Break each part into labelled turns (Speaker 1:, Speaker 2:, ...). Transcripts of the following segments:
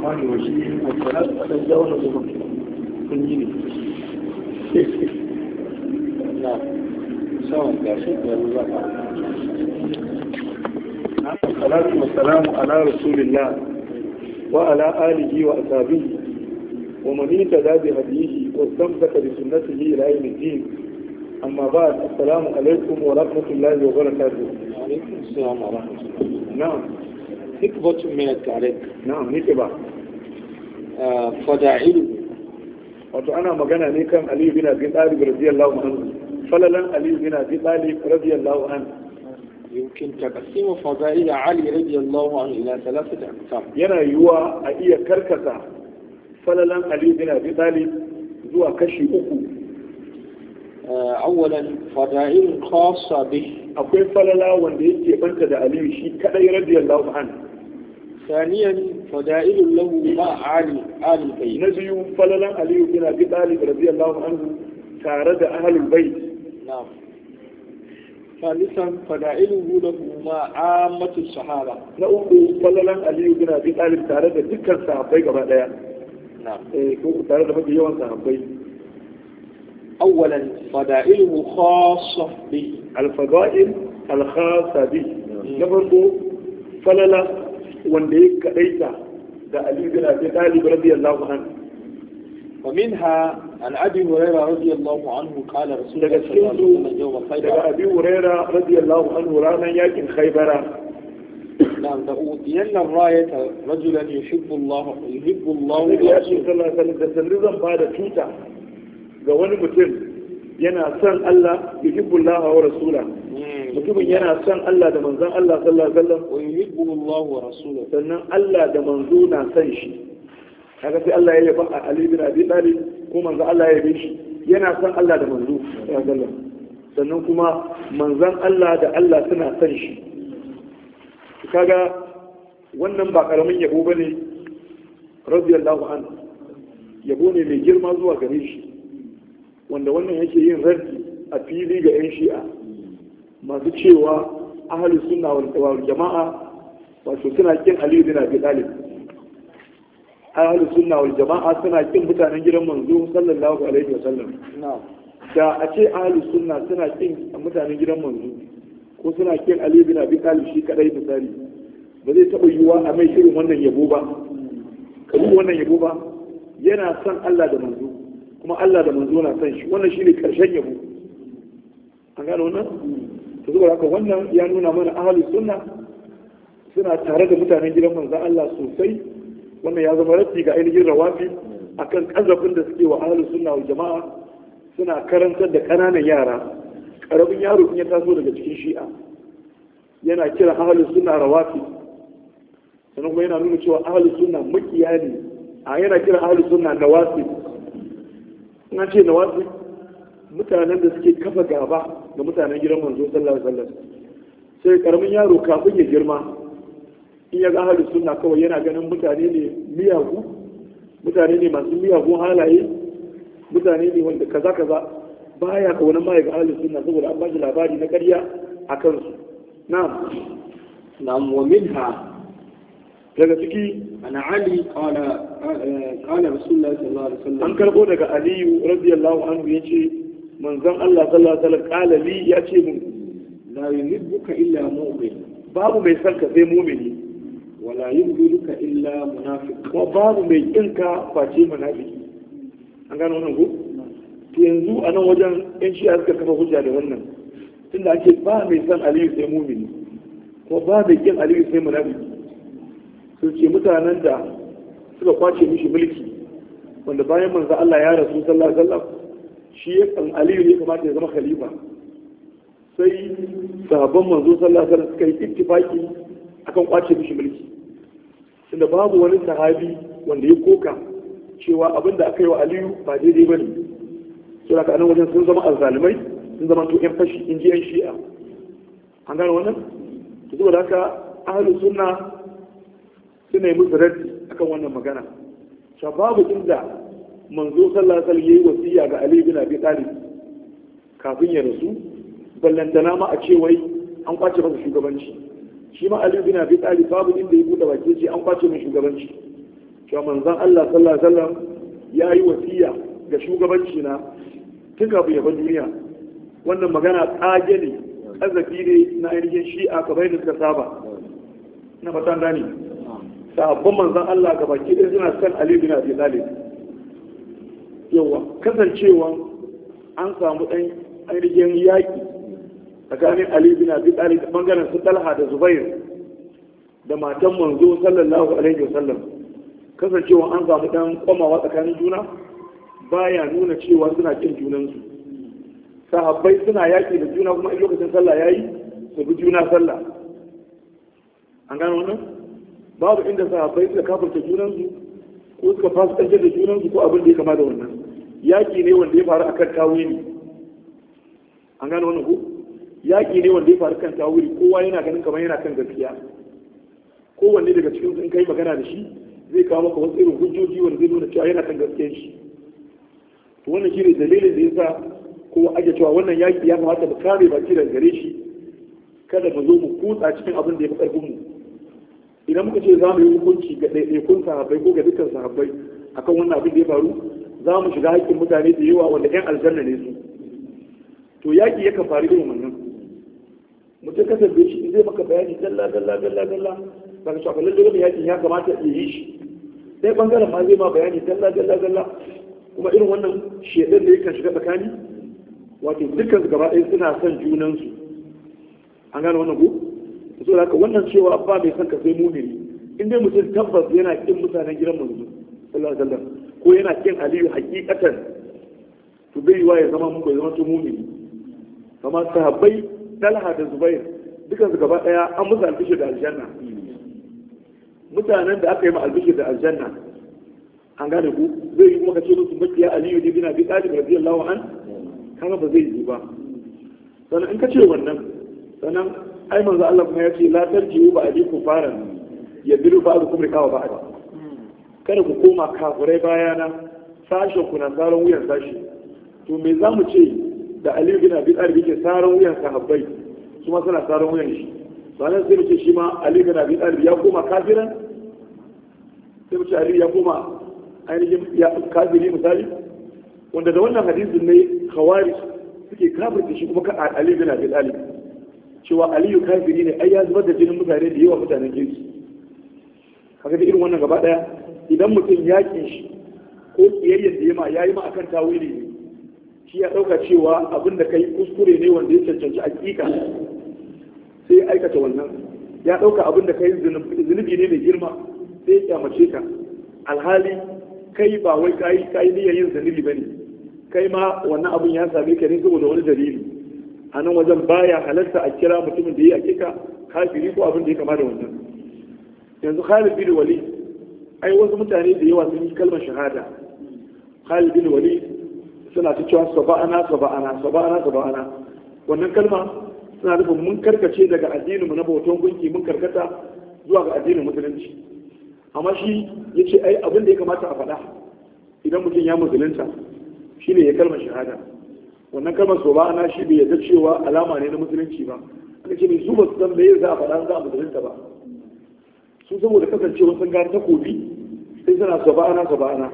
Speaker 1: الرحمن الرحيم والصلاة على الدولة كنجيني نعم سواء كاشف والله
Speaker 2: نعم. الصلاة والسلام على رسول الله وعلى آله وأصحابه ومن اهتدى بهديه واستمسك بسنته إلى يوم الدين أما بعد السلام عليكم ورحمة الله وبركاته وعليكم السلام ورحمة الله نعم حكمة من التعليم نعم نكبة فداعيل wato ana magana ne kan aliyu bin abi talib radiyallahu anhu falalan aliyu bin abi talib radiyallahu anhu yumkin taqsimu fadail ali radiyallahu anhu ila thalathati aqsam yana yuwa a iya karkasa falalan aliyu bin abi zuwa kashi uku awwalan fadail khassa bi akwai falala wanda yake banta da aliyu shi kadai radiyallahu anhu ثانيا فدائل له ما عالي آل البيت نبي فللا علي بن أبي طالب رضي الله عنه تارد أهل البيت نعم ثالثا فدائله له ما عامة الصحابة نأخو نعم. فللا علي بن أبي طالب تارد ذكر نعم. إيه، صحابي قبل نعم تارد مدي يوم صحابة أولا فدائله خاصة به الفضائل الخاصة به نعم. نفرقه نعم. فللا wanda ya kadaita da Ali bin Abi Talib radiyallahu anhu ومنها عن ابي هريره رضي الله عنه قال رسول الله صلى الله عليه وسلم يوم خيبر ابي هريره رضي الله عنه رانا يكن خيبر نعم لأوتين الراية رجلا يحب الله يحب الله يا شيخ الله تسلزم بعد توتا ga wani mutum yana son Allah yuhibbu Allah wa rasula mutumin yana son Allah da manzon Allah sallallahu alaihi wasallam wa yuhibbu Allah wa rasuluhu sannan Allah da manzo na son shi kaga sai Allah ya yaba Ali bin Abi Talib ko manzon Allah ya yabe shi yana son Allah da manzo sallallahu sannan kuma manzon Allah da Allah suna son shi kaga wannan ba karamin yabo bane radiyallahu anhu yabo ne mai girma zuwa gare shi wanda wannan yake yin rarki a fili ga 'yan shi'a masu cewa suna wani tsawar jama'a wato suna kin aliyu bin abi talib ahli suna wani jama'a suna kin mutanen gidan manzo sallallahu alaihi wasallam da a ce ahli sunna suna kin mutanen gidan manzo ko suna kin aliyu zina fi talib shi kadai misali ba zai taba yiwuwa a mai shirin wannan yabo ba kalu wannan yabo ba yana son Allah da manzo kuma Allah da manzo na son shi wannan shi ne karshen yabo an gano wannan to zuwa haka wannan ya nuna mana ahalus sunna suna tare da mutanen gidan manzo Allah sosai wannan ya zama rafi ga ainihin rawafi akan kazafin da suke wa ahalus sunna wa jama'a suna karantar da kananan yara karamin yaro in ya taso daga cikin shi'a yana kira ahalus sunna rawafi sannan kuma yana nuna cewa ahalus sunna makiya ne a yana kira ahalus sunna nawasi in ce nawasi mutanen da suke kafa gaba ga mutanen gidan manzo sallallahu alaihi wasallam sai karamin yaro kafin ya girma in ya ga ahlus sunna kawai yana ganin mutane ne miyagu mutane ne masu miyagun halaye mutane ne wanda kaza kaza baya kaunar wani ya ga ahlus sunna saboda an baji labari na ƙarya a kansu na'am na'am wa minha daga ciki ana ali qala qala rasulullahi sallallahu alaihi wasallam an karbo daga aliyu radiyallahu anhu yace manzon Allah sallallahu alaihi wasallam kala li ya ce mun la yuhibbuka illa mu'min babu mai sarka ka sai mu'mini wala yuhibbuka illa munafiq kuma babu mai kin ka face munafiki an gano wannan ko to yanzu a nan wajen yan shi'a suka kafa hujja da wannan tunda ake ba mai san aliyu sai mu'mini kuma ba mai kin aliyu sai munafiki sun ce mutanen da suka kwace mishi mulki wanda bayan manzo Allah ya rasu sallallahu alaihi wasallam shi ya kan aliyu ne kamata ya zama khalifa sai sahabban manzo sallallahu alaihi wasallam suka yi ittifaki akan kwace mishi mulki tunda babu wani sahabi wanda ya koka cewa abin da aka yi wa aliyu ba daidai bane sai aka nan wajen sun zama alzalimai sun zama to yan fashi inji yan shi'a an gane wannan to saboda haka ahlus sunna suna yi musu raddi akan wannan magana cewa babu inda manzo sallallahu alaihi yayi wasiya ga Ali bin Abi Talib kafin ya rasu ballantana ma a ce wai an kwace masa shugabanci shi ma Ali bin Abi Talib babu inda ya bude baki ce an kwace masa shugabanci cewa manzon Allah sallallahu alaihi wasallam yayi wasiya ga shugabanci na tun kafin ya bar duniya wannan magana tsage ne azabi ne na ainihin shi'a kamar yadda suka saba na fatan gani sabon manzon Allah ga baki ɗaya suna san Ali bin Abi Talib yawa kasancewa an samu ɗan ainihin yaƙi tsakanin ali bin abi talib bangaren su talha da zubair da matan manzo sallallahu alaihi wasallam kasancewa an samu ɗan komawa tsakanin juna baya nuna cewa suna kin junansu sahabbai suna yaƙi da juna kuma lokacin sallah ya yi su bi juna sallah an gano wannan babu inda sahabbai suka kafarta junansu ko suka fasikantar da junansu ko abin da ya kama da wannan yaƙi ne wanda ya faru akan tawuri an gano wani ku yaƙi ne wanda ya faru kan tawuri kowa yana ganin kamar yana kan gaskiya kowanne daga cikin in kai magana da shi zai kawo maka wasu irin hujjoji wanda zai nuna cewa yana kan gaskiyar shi to wannan shine dalilin da yasa ko ake cewa wannan yaƙi ya kamata mu kare baki daga gare shi kada mu zo mu kutsa cikin abin da ya fi ƙarfin mu idan muka ce za mu yi hukunci ga ɗaiɗaikun sahabbai ko ga dukkan sahabbai akan wannan abin da ya faru za mu shiga haƙƙin mutane da yawa wanda 'yan aljanna ne su to yaƙi yakan faru irin wannan mutum ka tambaye shi zai maka bayani dalla dalla dalla dalla ba ka shafa lalle wani yaƙin ya kamata ya yi shi sai bangaren ma zai ma bayani dalla dalla dalla kuma irin wannan shedan da yakan shiga tsakani wato dukkan gaba ɗaya suna son junansu an gane wannan ko so haka wannan cewa ba mai son ka sai ne in dai mutum tabbas yana kin mutanen gidan manzo sallallahu alaihi wasallam ko yana kin aliyu hakikatan to bai yiwa ya zama mun bai zama to mumini kamar sahabbai talha da zubair duka su gaba daya an musu albishir da aljanna mutanen da aka yi ma albishir da aljanna an gane ku zai yi kuma kace ce musu makiya aliyu ne bin abi talib radiyallahu an kaga ba zai yi ba sannan in ka ce wannan sannan ai manzo Allah kuma ya ce la tarji'u ba alikum faran yadiru ba'dukum rikawa ba'd kada ku koma kafirai bayana sashen ku na tsaron wuyan sashi to me za mu ce da aliyu bin abi talib yake tsaron wuyan sahabbai su ma suna tsaron wuyan shi sannan sai mu ce shi ma aliyu bin abi talib ya koma kafiran sai mu ce aliyu ya koma ainihin ya kafiri misali wanda da wannan hadisin ne Kawari, suke kafirta shi kuma ka aliyu bin abi talib cewa aliyu kafiri ne ai ya zubar da jinin mutane da yawa mutanen kirki haka da irin wannan gaba daya idan mutum ya ƙi shi ko ƙiyayyar da ya ma ya yi ma akan tawili ne shi ya ɗauka cewa abin da kai kuskure ne wanda ya cancanci hakika sai ya aikata wannan ya ɗauka abin da kai zunubi ne mai girma sai ya kyamace ka alhali kai ba wai kai kai niyyar yin zunubi bane kai ma wannan abin ya sami ka ne saboda wani jariri a nan wajen baya halarta a kira mutumin da ya yi hakika kafiri ko abin da ya kama da wannan yanzu Khalid bin Walid ai wasu mutane da yawa sun yi kalmar shahada Khalid bin Walid suna ta cewa saba'ana saba'ana saba'ana saba'ana wannan kalma suna nufin mun karkace daga addinin mu na bautan gunki mun karkata zuwa ga addinin musulunci amma shi yace ai abin da ya kamata a faɗa idan mutum ya musulunta shine ya kalmar shahada wannan kalmar sabana shi bai yarda cewa alama ne na musulunci ba kace ne su ba su san me za a faɗa za a musulunta ba su saboda kasancewa sun ta takobi sai suna saba'ana saba'ana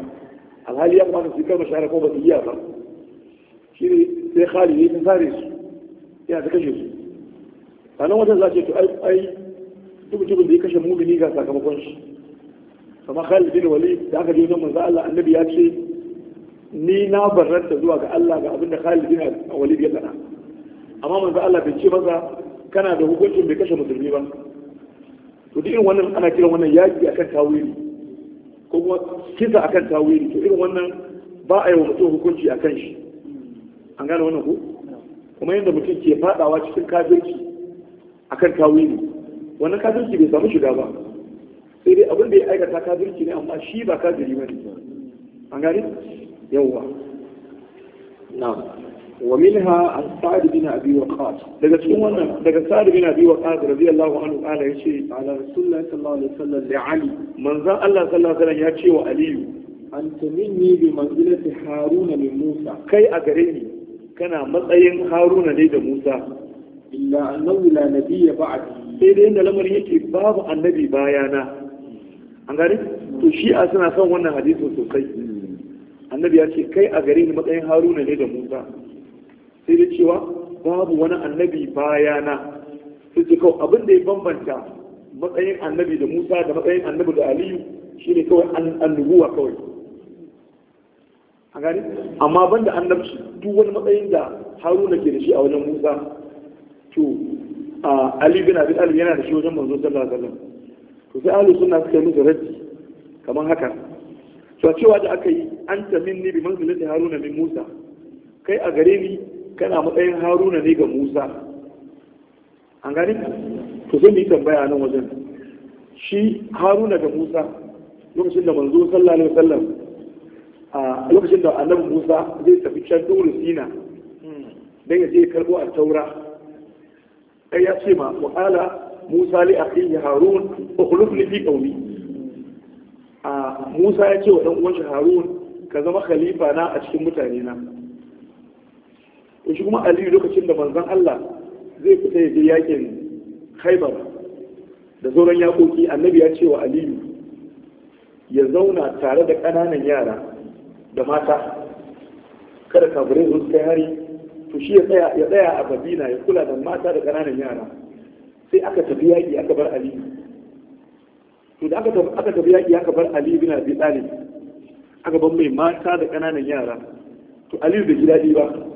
Speaker 2: alhali ya kamata su kama shahara ko ba su iya ba shi ne sai khali ne sun sare su yana ta kashe su a nan wajen za ce to ai tubu-tubu da ya kashe mumini ga sakamakon shi kama khalid bin wali da aka jiyo wajen manzo Allah annabi ya ce ni na barranta zuwa ga Allah ga abinda khalid bin wali ya faɗa amma manzo Allah bai ce maza kana da hukuncin bai kashe musulmi ba to duk irin wannan ana kiran wannan yaƙi akan tawili ko kuma kisa akan tawili to irin wannan ba a yi wa mutum hukunci akan shi an gane wannan ku? kuma yadda mutum ke fadawa cikin kafirci akan tawili wannan kafirci bai samu shiga ba sai dai abin da ya aikata kafirci ne amma shi ba kafiri ba ne an gane yawwa
Speaker 1: na'am
Speaker 2: ومنها سعد بن ابي وقاص daga cikin wannan daga sa'ad bin abi waqas radiyallahu anhu qala yace ala rasulullahi sallallahu alaihi wasallam li ali manza allah sallallahu alaihi wasallam yace wa Aliyu. anta minni bi manzilati harun min musa kai a gare ni kana matsayin haruna ne da musa illa annahu la nabiyya ba'di sai dai inda lamarin yake babu annabi bayana an gare to shi suna son wannan hadisi sosai hmm. annabi ya ce kai a gare ni matsayin haruna ne da musa sai cewa babu wani annabi bayana sai ce kawai abin da ya bambanta matsayin annabi da musa da matsayin annabi da aliyu shine kawai annubuwa kawai a gani amma banda annabci duk wani matsayin da haruna ke da shi a wajen musa to ali bin abi talib yana da shi wajen manzo sallallahu alaihi wasallam to sai ahlus sunna suka yi musu raddi kamar haka to cewa da aka yi anta minni bi manzilati haruna min musa kai a gare ni kana matsayin haruna ne ga musa an gani to zai yi tambaya nan wajen shi haruna ga musa lokacin da manzo sallallahu alaihi wasallam a lokacin da annabi musa zai tafi can dole sina dan ya je karbo a taura kai ya ce ma wa ala musa li akhihi harun ukhluf li fi qawmi a musa ya ce wa dan uwan shi harun ka zama khalifa na a cikin mutane na to shi kuma aliyu lokacin da manzon Allah zai fita ya je yakin Khaibar da sauran yakoki annabi ya ce wa aliyu ya zauna tare da ƙananan yara da mata kada kafirai su kai hari to shi ya tsaya a babina ya kula da mata da ƙananan yara sai aka tafi yaƙi aka bar aliyu to da aka tafi yaƙi aka bar aliyu bin abi talib aka bar mai mata da ƙananan yara to aliyu bai ji daɗi ba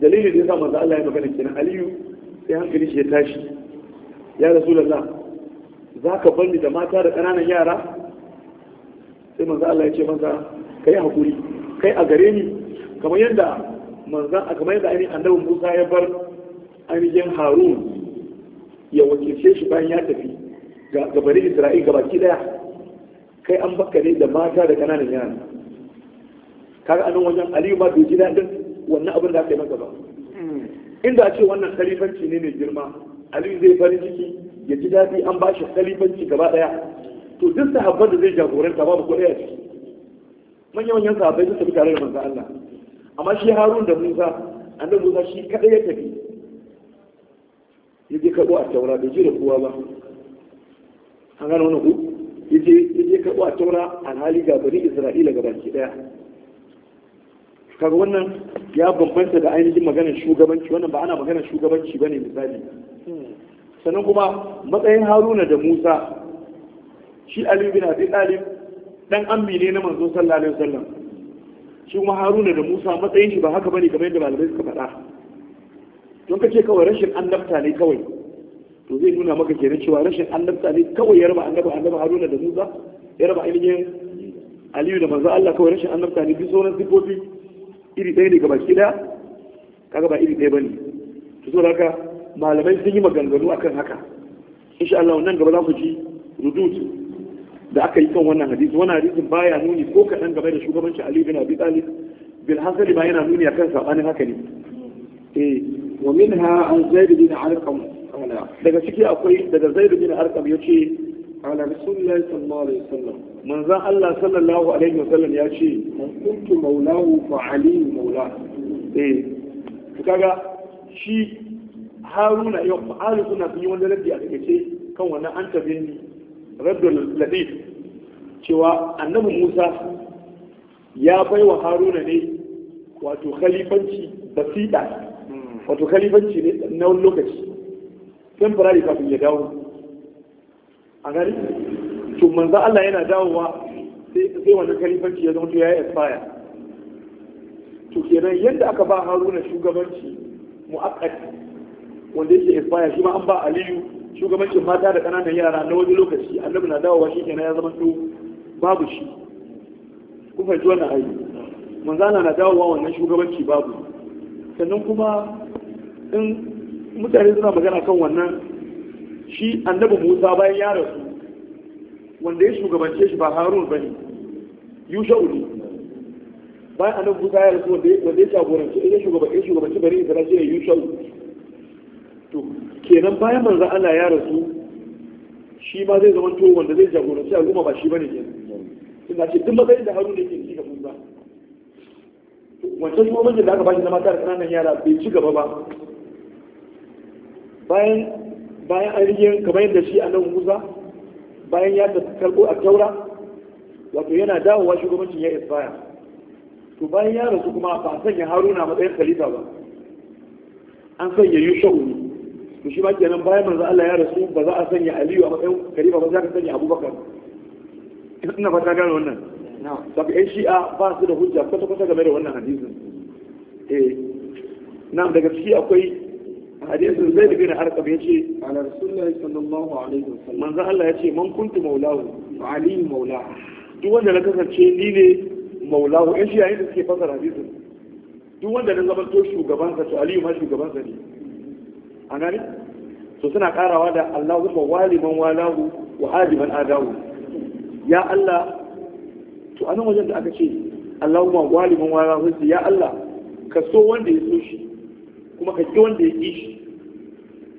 Speaker 2: dalilin da ya sa manzo Allah ya magana kenan aliyu sai hankali shi ya tashi ya rasulullah za ka bar ni da mata da ƙananan yara sai manzo Allah ya ce masa kai hakuri kai a gare ni kamar yadda a kamar yadda ainihin annabi Musa ya bar ainihin Harun ya wakilce shi bayan ya tafi ga bari Isra'il ga baki daya kai an bakka ne da mata da ƙananan yara kaga anan wajen Aliyu ma bai ji daɗin wannan abin da aka yi masa ba inda a ce wannan kalifanci ne mai girma ali zai farin ciki ya ji daɗi an ba shi kalifanci gaba ɗaya to duk sahabban da zai jagoranta babu ko ɗaya ciki manyan manyan sahabbai sun tafi tare da manzo Allah amma shi Harun da Musa annabi Musa shi kadai ya tafi yaje kabo a taura bai ji da kowa ba an gano wannan ku yaje yaje kabo a taura alhali ga bani Isra'ila gaba ki daya kaga wannan ya bambanta da ainihin maganar shugabanci wannan ba ana maganar shugabanci ba ne misali sannan kuma matsayin haruna da musa shi aliyu bin abi talib dan ammi ne na manzo sallallahu alaihi wasallam shi kuma haruna da musa matsayin shi ba haka bane kamar yadda malamai suka faɗa don kace kawai rashin annabta ne kawai to zai nuna maka kenan cewa rashin annabta ne kawai ya raba annabi annabi haruna da musa ya raba ainihin aliyu da manzo Allah kawai rashin annabta ne bi sauran sifofi iri ɗaya ne baki ɗaya kaga ba iri ɗaya bane to so haka malamai sun yi maganganu akan haka insha Allah nan gaba za ku ji rudud da aka yi kan wannan hadisi wannan hadisin baya nuni ko kaɗan gaba da shugabancin Ali bin Abi Talib bil hasali ba yana nuni akan sabanin haka ne eh wa minha an zaid bin arqam daga ciki akwai daga zaid bin arqam yace قال رسول الله صلى الله عليه وسلم من ذا الله صلى الله عليه وسلم يا شيء من كنت مولاه فعلي مولاه إيه فكذا شيء هارون يوم kan wannan an tafi ni rabbul ladif cewa annabi Musa ya bai wa Haruna ne wato khalifanci basida hmm. wato khalifanci ne na wani lokaci temporary kafin ya dawo a gari to manzo Allah yana dawowa sai wannan kalifanci ya zama ya yi expire to kenan yadda aka ba Haruna shugabanci mu'akkad wanda yake expire shi ma an ba Aliyu shugabancin mata da ƙananan yara na wani lokaci annabi na dawowa shi kenan ya zama to babu shi ku fahimci wannan ayi manzo Allah na dawowa wannan shugabanci babu sannan kuma in mutane suna magana kan wannan shi annabi musa bayan ya rasu wanda ya shugabance shi ba harun ba ne yusha'u ne bayan annabi musa ya rasu wanda ya shagorance ya shugabance bari isra shi ne yusha'u to kenan bayan manzo Allah ya rasu shi ma zai zama to wanda zai jagoranci al'umma ba shi bane ne. ina ce duk matsayin da harun yake ci gaba ba wancan kuma mijin da aka bashi na mata da kananan yara bai ci gaba ba bayan bayan ainihin kamar yadda shi a nan musa bayan ya karɓo a taura wato yana dawowa shugabancin ya isbaya to bayan ya rasu kuma ba a sanya haruna matsayin khalifa ba an sanya yushau ne to shi ma kenan bayan manzo Allah ya rasu ba za a sanya aliyu a matsayin khalifa ba za ka sanya abubakar ina fata gane wannan sabu yan shi'a ba su da hujja kwata-kwata game da wannan hadisin eh na daga ciki akwai hadisin zai bin harkab ya ce ala rasulullahi sallallahu alaihi wasallam manzo Allah ya man kuntu maulahu ali maula duk wanda na kasance ni ne maulahu shi yayin da suke fasara hadisin duk wanda na zama to to ali ma shugaban ne an gani to suna karawa da Allahumma waliman walahu wa adiman adahu ya Allah to anan wajen da aka ce Allahumma waliman walahu ya Allah ka so wanda ya so shi kuma ka ki wanda ya ki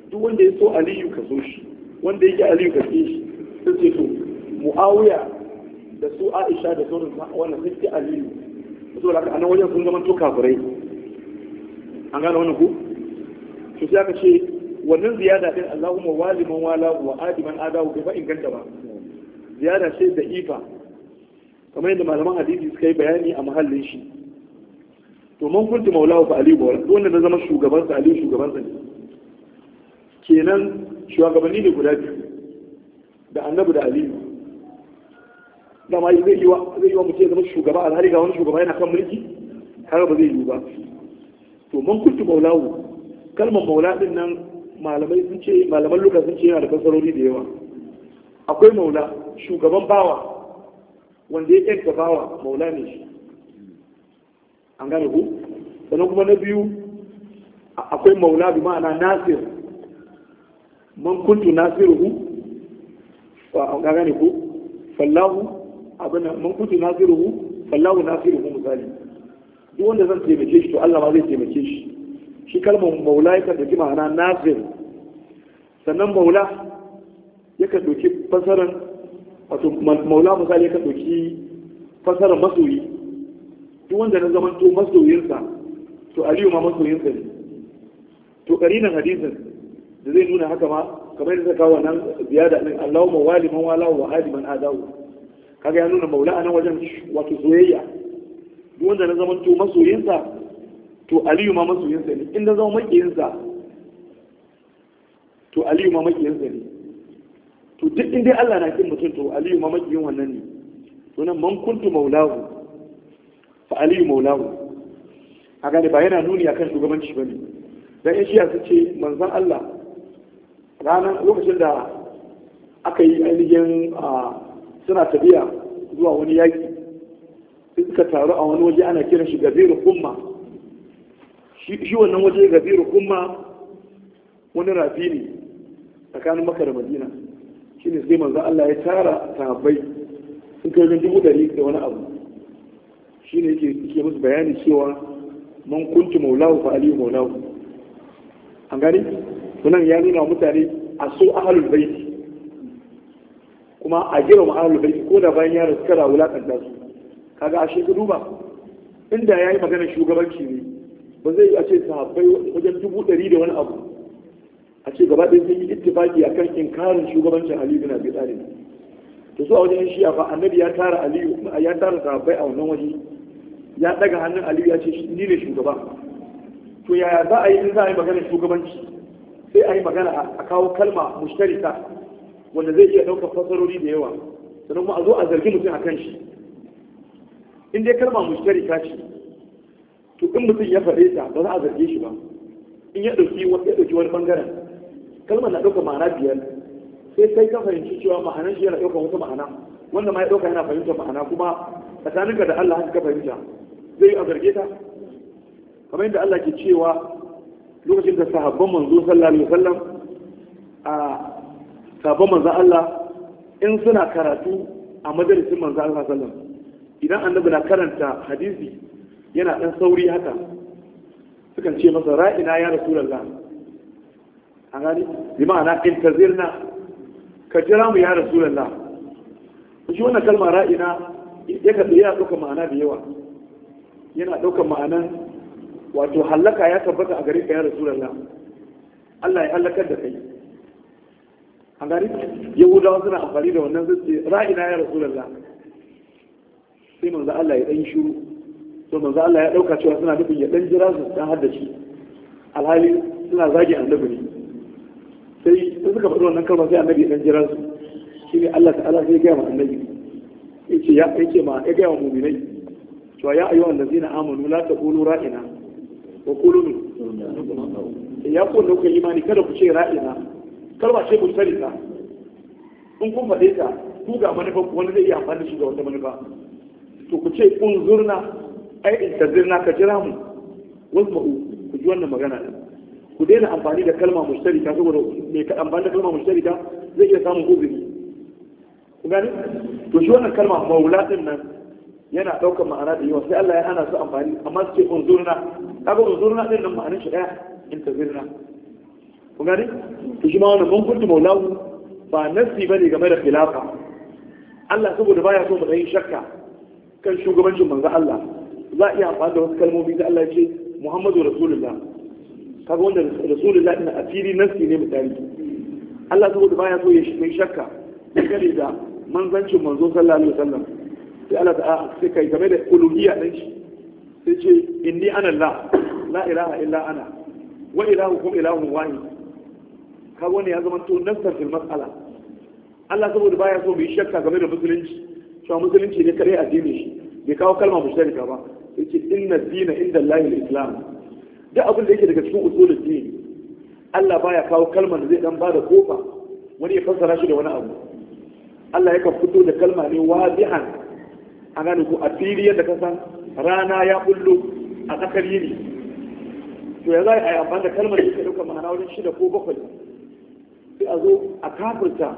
Speaker 2: duk wanda ya so aliyu ka so shi wanda yake aliyu ka shi sun ce to mu'awiya da su aisha da sauran wannan sun ce aliyu so laka anan wajen sun zama to kafirai an gane wannan ku to sai aka ce wannan ziyada din Allahumma waliman wala wa adiman adahu bai fa inganta ba ziyada ce da ifa kamar yadda malaman hadisi suka yi bayani a mahallin shi to man kuntu maulahu fa aliyu ba wanda da zama shugaban sa aliyu shugaban sa ne kenan shugabanni ne guda biyu da Annabu da aliyu dama zai yi wa zai yi wa mutum ya zama shugaba alhali ga wani shugaba yana kan mulki har ba zai yi ba to man kuntu maulawu kalmar maula din nan malamai sun ce malaman lokacin sun ce yana da fasarori da yawa akwai maula shugaban bawa wanda ya yanka bawa maula ne shi an gane ku sannan kuma na biyu akwai maula bi ma'ana nasir man kuntu nasiruhu wa ga gane ku fallahu abin man kuntu nasiruhu fallahu nasiruhu misali duk wanda zan taimake shi to Allah ma zai taimake shi shi kalmar maula yakan dauki ma'ana nasir sannan maula yakan dauki fasaran wato maula misali yakan dauki fasaran masoyi duk wanda na zama to masoyinsa to aliyu ma masoyinsa ne to karinan hadisin da zai nuna haka ma kamar yadda kawo wannan ziyada din Allahu mawali man wala wa hadi man adawu kaga ya nuna maula anan wajen wato soyayya duk wanda na zama to masoyinsa to Aliyu ma masoyinsa ne inda zama makiyinsa to Aliyu ma makiyinsa ne to duk inda Allah na kin mutum to Aliyu ma makiyin wannan ne to nan man kuntu maulahu fa Aliyu maulahu a gane ba yana nuni akan shugabanci bane dan ishiya shi ce manzon Allah ranar lokacin da aka yi ainihin suna tafiya zuwa wani yaki sai suka taru a wani waje ana kiran shi gabiru kuma shi wannan waje gabiru kuma wani rafi ne tsakanin maka da madina shi ne sai manzo Allah ya tara sahabbai sun kai wajen dubu dari da wani abu shi ne ke musu bayani cewa man kuntu maulahu fa aliyu maulahu an gani sunan ya nuna mutane a so ahalul baiti kuma a wa ahalul baiti ko da bayan yaron suka rawu lakanta su kaga a shi duba inda ya yi maganar shugabanci ne ba zai yi a ce sahabbai wajen dubu ɗari da wani abu a ce gaba ɗaya sun yi ittifaki akan inkarin shugabancin ali bin abi talib to su a wajen shi fa annabi ya tara aliyu ya tara sahabbai a wannan waje ya daga hannun aliyu ya ce ni ne shugaba to yaya za a yi in za a yi magana shugabanci sai a yi magana a kawo kalma mushtarika wanda zai iya ɗaukar fasarori da yawa sannan kuma a zo a zargi mutum a kan shi in dai kalma mushtarika ce to in mutum ya faɗe ta ba za a zarge shi ba in ya ɗauki ya ɗauki wani ɓangaren, kalmar na ɗaukar ma'ana biyar sai kai ka fahimci cewa ma'anar shi yana ɗaukar wata ma'ana wanda ma ya ɗauka yana fahimtar ma'ana kuma tsakaninka da Allah haka ka fahimta zai yi a zarge ta kamar yadda Allah ke cewa lokacin da sahabban manzo sallallahu alaihi wasallam a sahabban manzo Allah in suna karatu a majalisin manzo Allah sallallahu idan annabi na karanta hadisi yana dan sauri haka sukan ce masa ra'ina ya rasulullah an gani bi ma'ana tazirna ka jira mu ya rasulullah shi wannan kalmar ra'ina ya ka tsaya ɗaukar ma'ana da yawa yana ɗaukar ma'anan wato hallaka ya tabbata a gare ka ya rasulullah Allah ya hallakar da kai a gari yahudawa suna amfani da wannan zuci ra'ina ya rasulullah sai manzo Allah ya dan shiru to manzo Allah ya dauka cewa suna nufin ya dan jira su dan haddace alhali suna zagi annabi ne sai sun suka faɗi wannan kalmar sai annabi ya dan jira su ne Allah ta'ala sai ya ga annabi ya ce ma ya ga mu'minai cewa ya ayyuhal ladzina amanu la taqulu ra'ina wa kulumi ya ku wanda kuka imani kada ku ce ra'ina kalma ce mun sani ta in kun faɗe ta ku ga manufa ku wani zai iya amfani da shi da wata manufa to ku ce kun zurna ai intazirna ka jira mu wasma'u ku ji wannan magana din ku daina amfani da kalma mushtarika saboda mai amfani da kalma mushtarika zai iya samun uzuri ku gani to shi wannan kalma maula din nan yana ɗaukar ma'ana da yawa sai Allah ya hana su amfani amma su ce kun unzurna kaga uzurna din nan ma'anin shi daya intazirna kun gani to shi ma wannan mun kuntu maulahu ba nasi bane game da khilafa Allah saboda baya so mu dan shakka kan shugabancin manzo Allah za a iya amfani da wasu kalmomi da Allah ya ce Muhammadu Rasulullah kaga wanda Rasulullah din a fili nasi ne misali Allah saboda baya so ya shi shakka dangane da manzancin manzo sallallahu alaihi wasallam sai Allah ta sai kai game da uluhiyya din shi sai ce inni ana la la ilaha illa ana wa ilahu kum ilahu wani ka wani ya zama to nasar fil mas'ala Allah saboda baya so mu shakka game da musulunci cewa musulunci ne kadai addini shi bai kawo kalma mushrika ba yace inna dina inda Allah al-islam duk abin da yake daga cikin usulul din Allah baya kawo kalmar da zai dan bada kofa wani ya fassara shi da wani abu Allah yakan fito da kalma ne wadihan a gane ko a fili yadda ka san rana ya bullo a tsakar yini to ya za a yi amfani da kalmar da ke dauka ma'ana wurin shida ko bakwai sai a zo a kafirta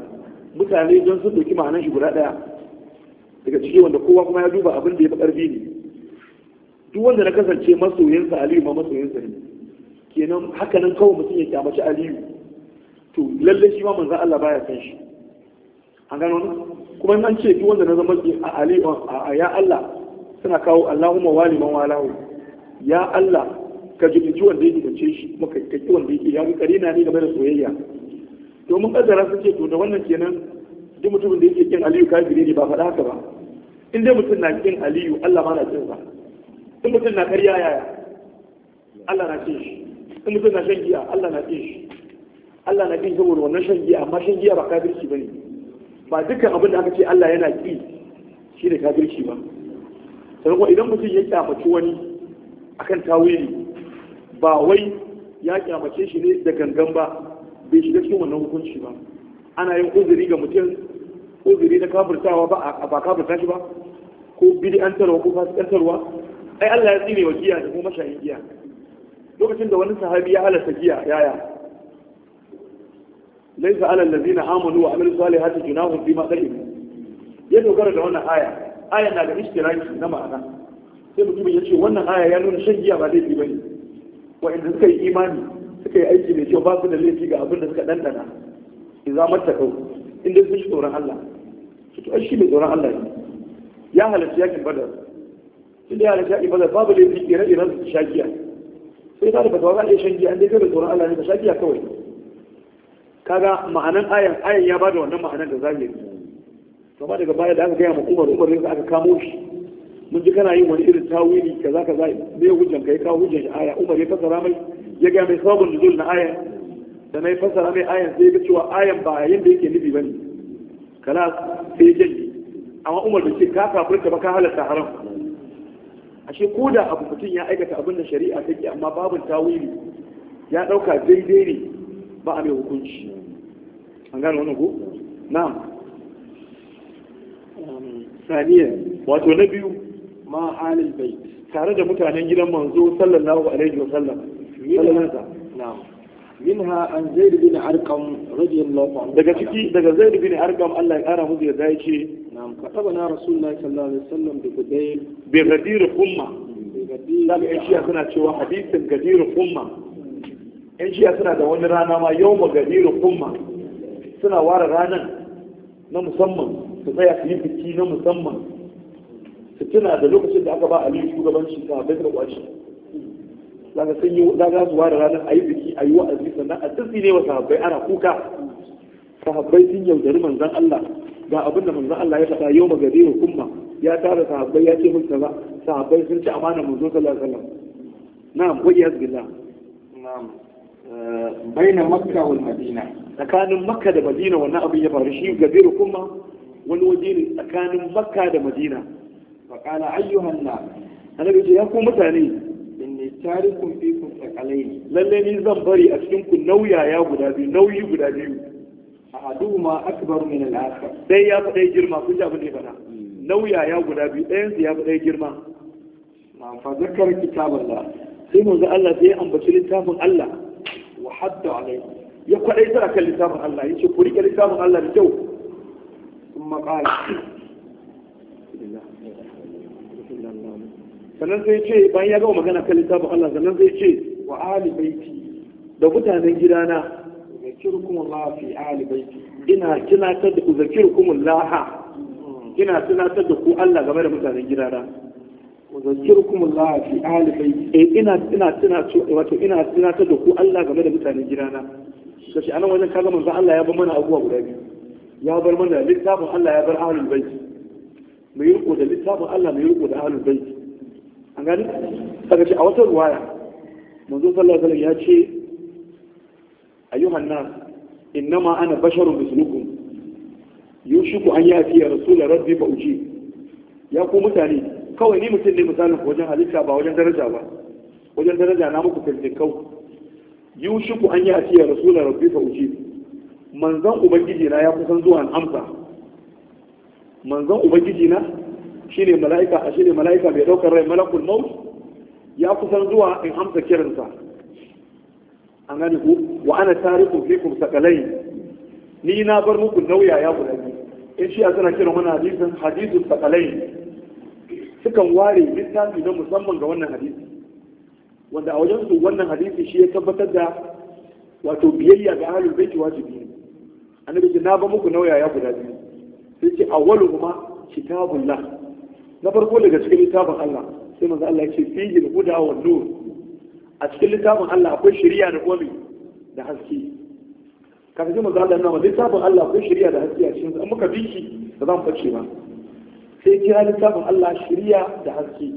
Speaker 2: mutane don sun doki ma'anar shi guda ɗaya daga ciki wanda kowa kuma ya duba abin da ya fi ƙarfi ne duk wanda na kasance masoyinsa aliyu ma masoyinsa ne kenan hakanan kawai mutum ya kyamaci aliyu to lalle shi ma manzan Allah baya san shi an gano kuma in an ce duk wanda na zama a aliyu a ya Allah suna kawo Allahumma wali man walahu ya Allah ka jibinci wanda yake bance shi maka ka wanda yake ya kare na ne game da soyayya domin kaddara suke to da wannan kenan duk mutumin da yake kin Aliyu kafiri ne ba faɗa haka ba in dai mutum na kin Aliyu Allah ma na kin sa in mutum na ƙarya yaya Allah na kin shi in mutum na shan giya Allah na kin shi Allah na kin saboda wannan shan giya amma shan giya ba kafirci bane ba dukkan abin da aka ce Allah yana ki shi da kafirci ba sarko idan mutum ya kyamaci wani akan tawili ba wai ya kyamace shi ne da gangan ba bai shiga cikin wannan hukunci ba ana yin uzuri ga mutum uzuri na kafirtawa ba a ba kafirta shi ba ko bid'antarwa ko fasikantarwa ai Allah ya tsine wa giya da kuma mashayin giya lokacin da wani sahabi ya halarta giya yaya laisa alal ladina amanu wa amilu salihati junahum bima qadim ya dogara da wannan aya aya na da istiraki na ma'ana sai mutumin ya ce wannan aya ya nuna shan giya ba laifi ba ne inda suka yi imani suka yi aiki mai kyau ba su da laifi ga abin da suka dandana. in za mata kau in dai sun shi tsoron Allah su to shi mai tsoron Allah ne ya halarci yakin badar shi da ya halarci yakin badar babu laifi ire-iren su sha giya sai ka da fatawa za iya shan giya in dai da tsoron Allah ne ka sha giya kawai kaga ma'anan ayan ayan ya bada wannan ma'anan da zahiri amma daga baya da aka gaya ma umar umar ne aka kamo shi mun ji kana yin wani irin tawili kaza kaza me hujjan kai kawo hujjan shi aya umar ya fasara mai ya gaya mai sabon nuzul na aya da na fasara mai ayan sai ya ga cewa ayan ba yanda yake nufi bane kala sai ya janye amma umar bai ce ka kafirka ba ka halatta haram ashe ko da abu mutum ya aikata abin da shari'a ta ke amma babu tawili ya dauka daidai ne ba a mai hukunci an gane wannan ko na'am saniya wato na biyu ma halil bai tare da mutanen gidan manzo sallallahu alaihi wa sallam sallallahu an zaid bin arqam radiyallahu anhu daga ciki daga zaid bin arqam Allah ya kara musu yarda yace na'am katabana rasulullahi sallallahu alaihi bi bi umma dan suna cewa hadisin gadir umma suna da wani rana ma yawma gadir umma suna ware ranan na musamman su tsaya su yi biki na musamman su tuna da lokacin da aka ba aliyu shugabanci ta bai da kwashi daga sun yi daga zuwa da ranar a yi biki a yi wa'azi sannan a tsitsi ne wa sahabbai ana kuka sahabbai sun yaudari manzan Allah ga abin da manzan Allah ya faɗa yau magadi wa umma ya tara sahabbai ya ce mun kaza sahabbai sun ci amana manzo sallallahu alaihi wasallam na'am wa billah na'am eh, baina makka wal madina tsakanin makka da madina wannan abin ya faru shi gadiru kuma wani waje ne tsakanin makka da madina faƙala ayyuhan na annabi ce ya ku mutane fi tarikum fikum ne. lalle ni zan bari a cikin ku nauyaya guda biyu nauyi guda biyu ma akbar min al-akhar sai ya fi girma kun ji abin da ya nauyaya guda biyu ɗayan su ya fi girma ma fa zakar kitaballah sai manzo Allah sai ya ambaci littafin Allah wa hadda alai ya kwadai ta kan littafin Allah yace ku rike littafin Allah da kyau ثم قال sannan zai ce bayan ya gama magana kan littafin Allah sannan zai ce wa ahli baiti da mutanen gidana zakirukum Allah fi ahli baiti ina tunatar da ku zakirukum Allah ina tunatar da ku Allah game da mutanen gidana zakirukum Allah fi ahli baiti eh ina ina tunatar wato ina tunatar da ku Allah game da mutanen gidana kace anan wajen kaga manzo Allah ya ba mana abubuwa guda biyu ya bar mana littafin Allah ya bar ahlul bait mai riko da littafin Allah mai riko da ahlul bait an gani daga ce a wata ruwaya manzo sallallahu alaihi ya ce ayyuhan nas innama ana basharun mislukum yushiku an yati ya rasul rabbi fa uji ya ku mutane kawai ni mutum ne misalin wajen halitta ba wajen daraja ba wajen daraja na muku firtikau yushiku an yati ya rasul rabbi fa uji manzan ubangiji na ya kusan zuwa amsa manzan ubangiji na shine mala'ika A shine mala'ika mai daukar rai malakul maut ya kusan zuwa in amsa kiransa an gani ku wa ana tariku fikum sakalai ni na bar muku nauya ya guda biyu in shi suna kiran wannan hadisin hadisun sakalai sukan ware littafi na musamman ga wannan hadisi wanda a wajen su wannan hadisi shi ya tabbatar da wato biyayya ga ahlul baiti wajibi annabi ce na ba muku nauyaya guda biyu sai ce awwalu kuma kitabullah na farko daga cikin littafin Allah sai manzo Allah yake ce fihi al-huda wa nur a cikin littafin Allah akwai shari'a da komai da haske Ka ji manzo Allah ya littafin Allah akwai shari'a da haske a cikin sa muka biki ba za mu bace ba sai kira littafin Allah shari'a da haske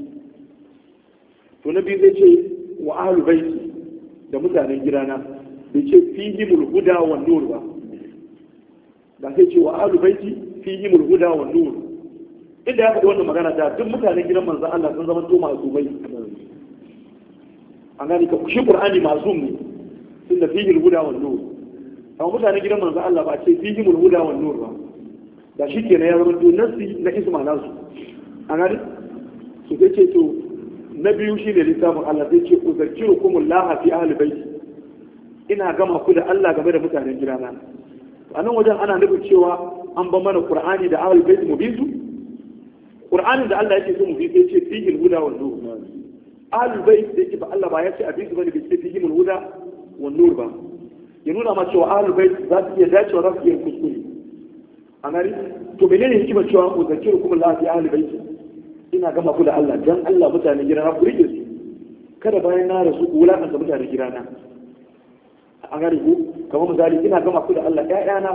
Speaker 2: to nabi biyu zai ce wa ahlul baiti da mutanen gidana bai ce fihi al-huda wa nur ba da sai ce wa alu baiti fi yi mulhuda wa nur inda ya faɗi wannan magana da duk mutanen gidan manzon Allah sun zama to masu mai an gani ka shi qur'ani masu ne sun da fihi mulhuda wa nur amma mutanen gidan manzon Allah ba ce fihi mulhuda wa nur ba da shi ke kenan ya zama to nasi na isma nasu an gani su ce to na biyu shine littafin Allah sai ce uzakkirukum Allah fi ahli baiti ina gama ku da Allah game da mutanen gidana a nan wajen ana nufin cewa an ba mana qur'ani da ahlul bait mu bi su qur'anin da Allah yake so mu bi sai ce fihil huda wan nur ahlul bait da yake ba Allah ba ya ce a bi su bane bai fi fihil huda wan nur ba ya nuna ma cewa ahlul bait za su iya dacewa za su iya kuskure a gari to menene hikimar cewa ku zakiru kuma lafiya ahlul bait ina gama ku da Allah dan Allah mutane gidana na rike su kada bayan na rasu ku wulakanta mutane na. an gane ku kamar misali ina gama ku da Allah ƴaƴana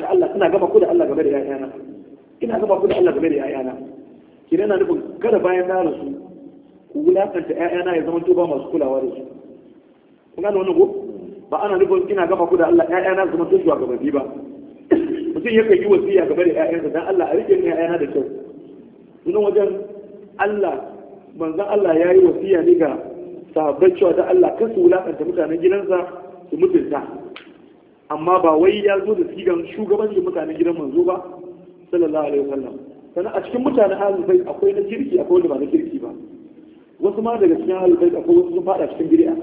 Speaker 2: da Allah ina gama ku da Allah game da ƴaƴana ina gama ku da Allah game da ƴaƴana kidan na nufin kada bayan na rasu ku wulakanta ƴaƴana ya zama ba masu kulawa da su kun gane wannan ko ba ana nufin ina gama ku da Allah ƴaƴana su zama to shugabanni ba mutum yakan yi wasiya game da ƴaƴansa dan Allah a rike ni ƴaƴana da kyau sunan wajen Allah manzon Allah ya yi wasiya ne ga sahabbai cewa da Allah kan su wulakanta mutanen gidansa su mutunta amma ba wai ya zo da sigan shugabancin mutanen gidan manzo ba sallallahu alaihi wasallam sannan a cikin mutanen ahlul akwai na kirki akwai wanda ba na kirki ba wasu ma daga cikin ahlul akwai wasu sun fada cikin bid'a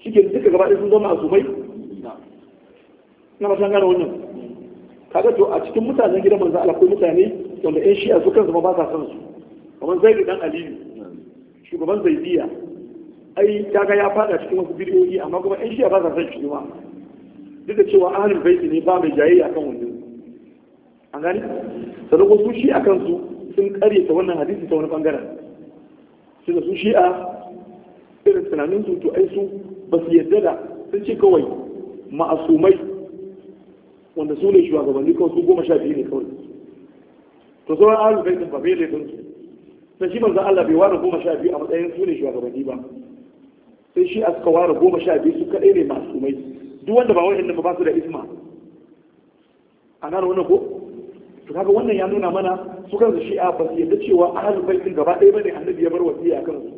Speaker 2: shike duka gaba ɗaya sun zama azumai na san gane wannan kaga to a cikin mutanen gidan manzo Allah akwai mutane wanda ƴan shi'a su kansu ma ba sa son su kamar zai dan Aliyu shugaban Zaidiya ai kaga ya fada cikin wasu bidiyoyi amma kuma in shi ba sa son shi ba duk da cewa ahlul baiti ne ba mai jayayya kan wani an gani sannan wasu shi a kansu sun kare ta wannan hadisi ta wani bangaren sai da su shi a irin tunanin su to ai su ba su yadda da sun ce kawai ma'asumai wanda su ne shugabanni kawai su goma sha biyu ne kawai to sauran ahlul baitin ba bai laifin su sai shi manzo Allah bai ware goma sha biyu a matsayin su ne shugabanni ba sai shi a suka ware goma sha biyu su kaɗai ne masu umai duk wanda ba wa'in ba su da isma a nan wani ko to kaga wannan ya nuna mana su kansu shi'a ba su yadda cewa ahalul baitin gaba ɗaya bane annabi ya bar wasiya a kansu?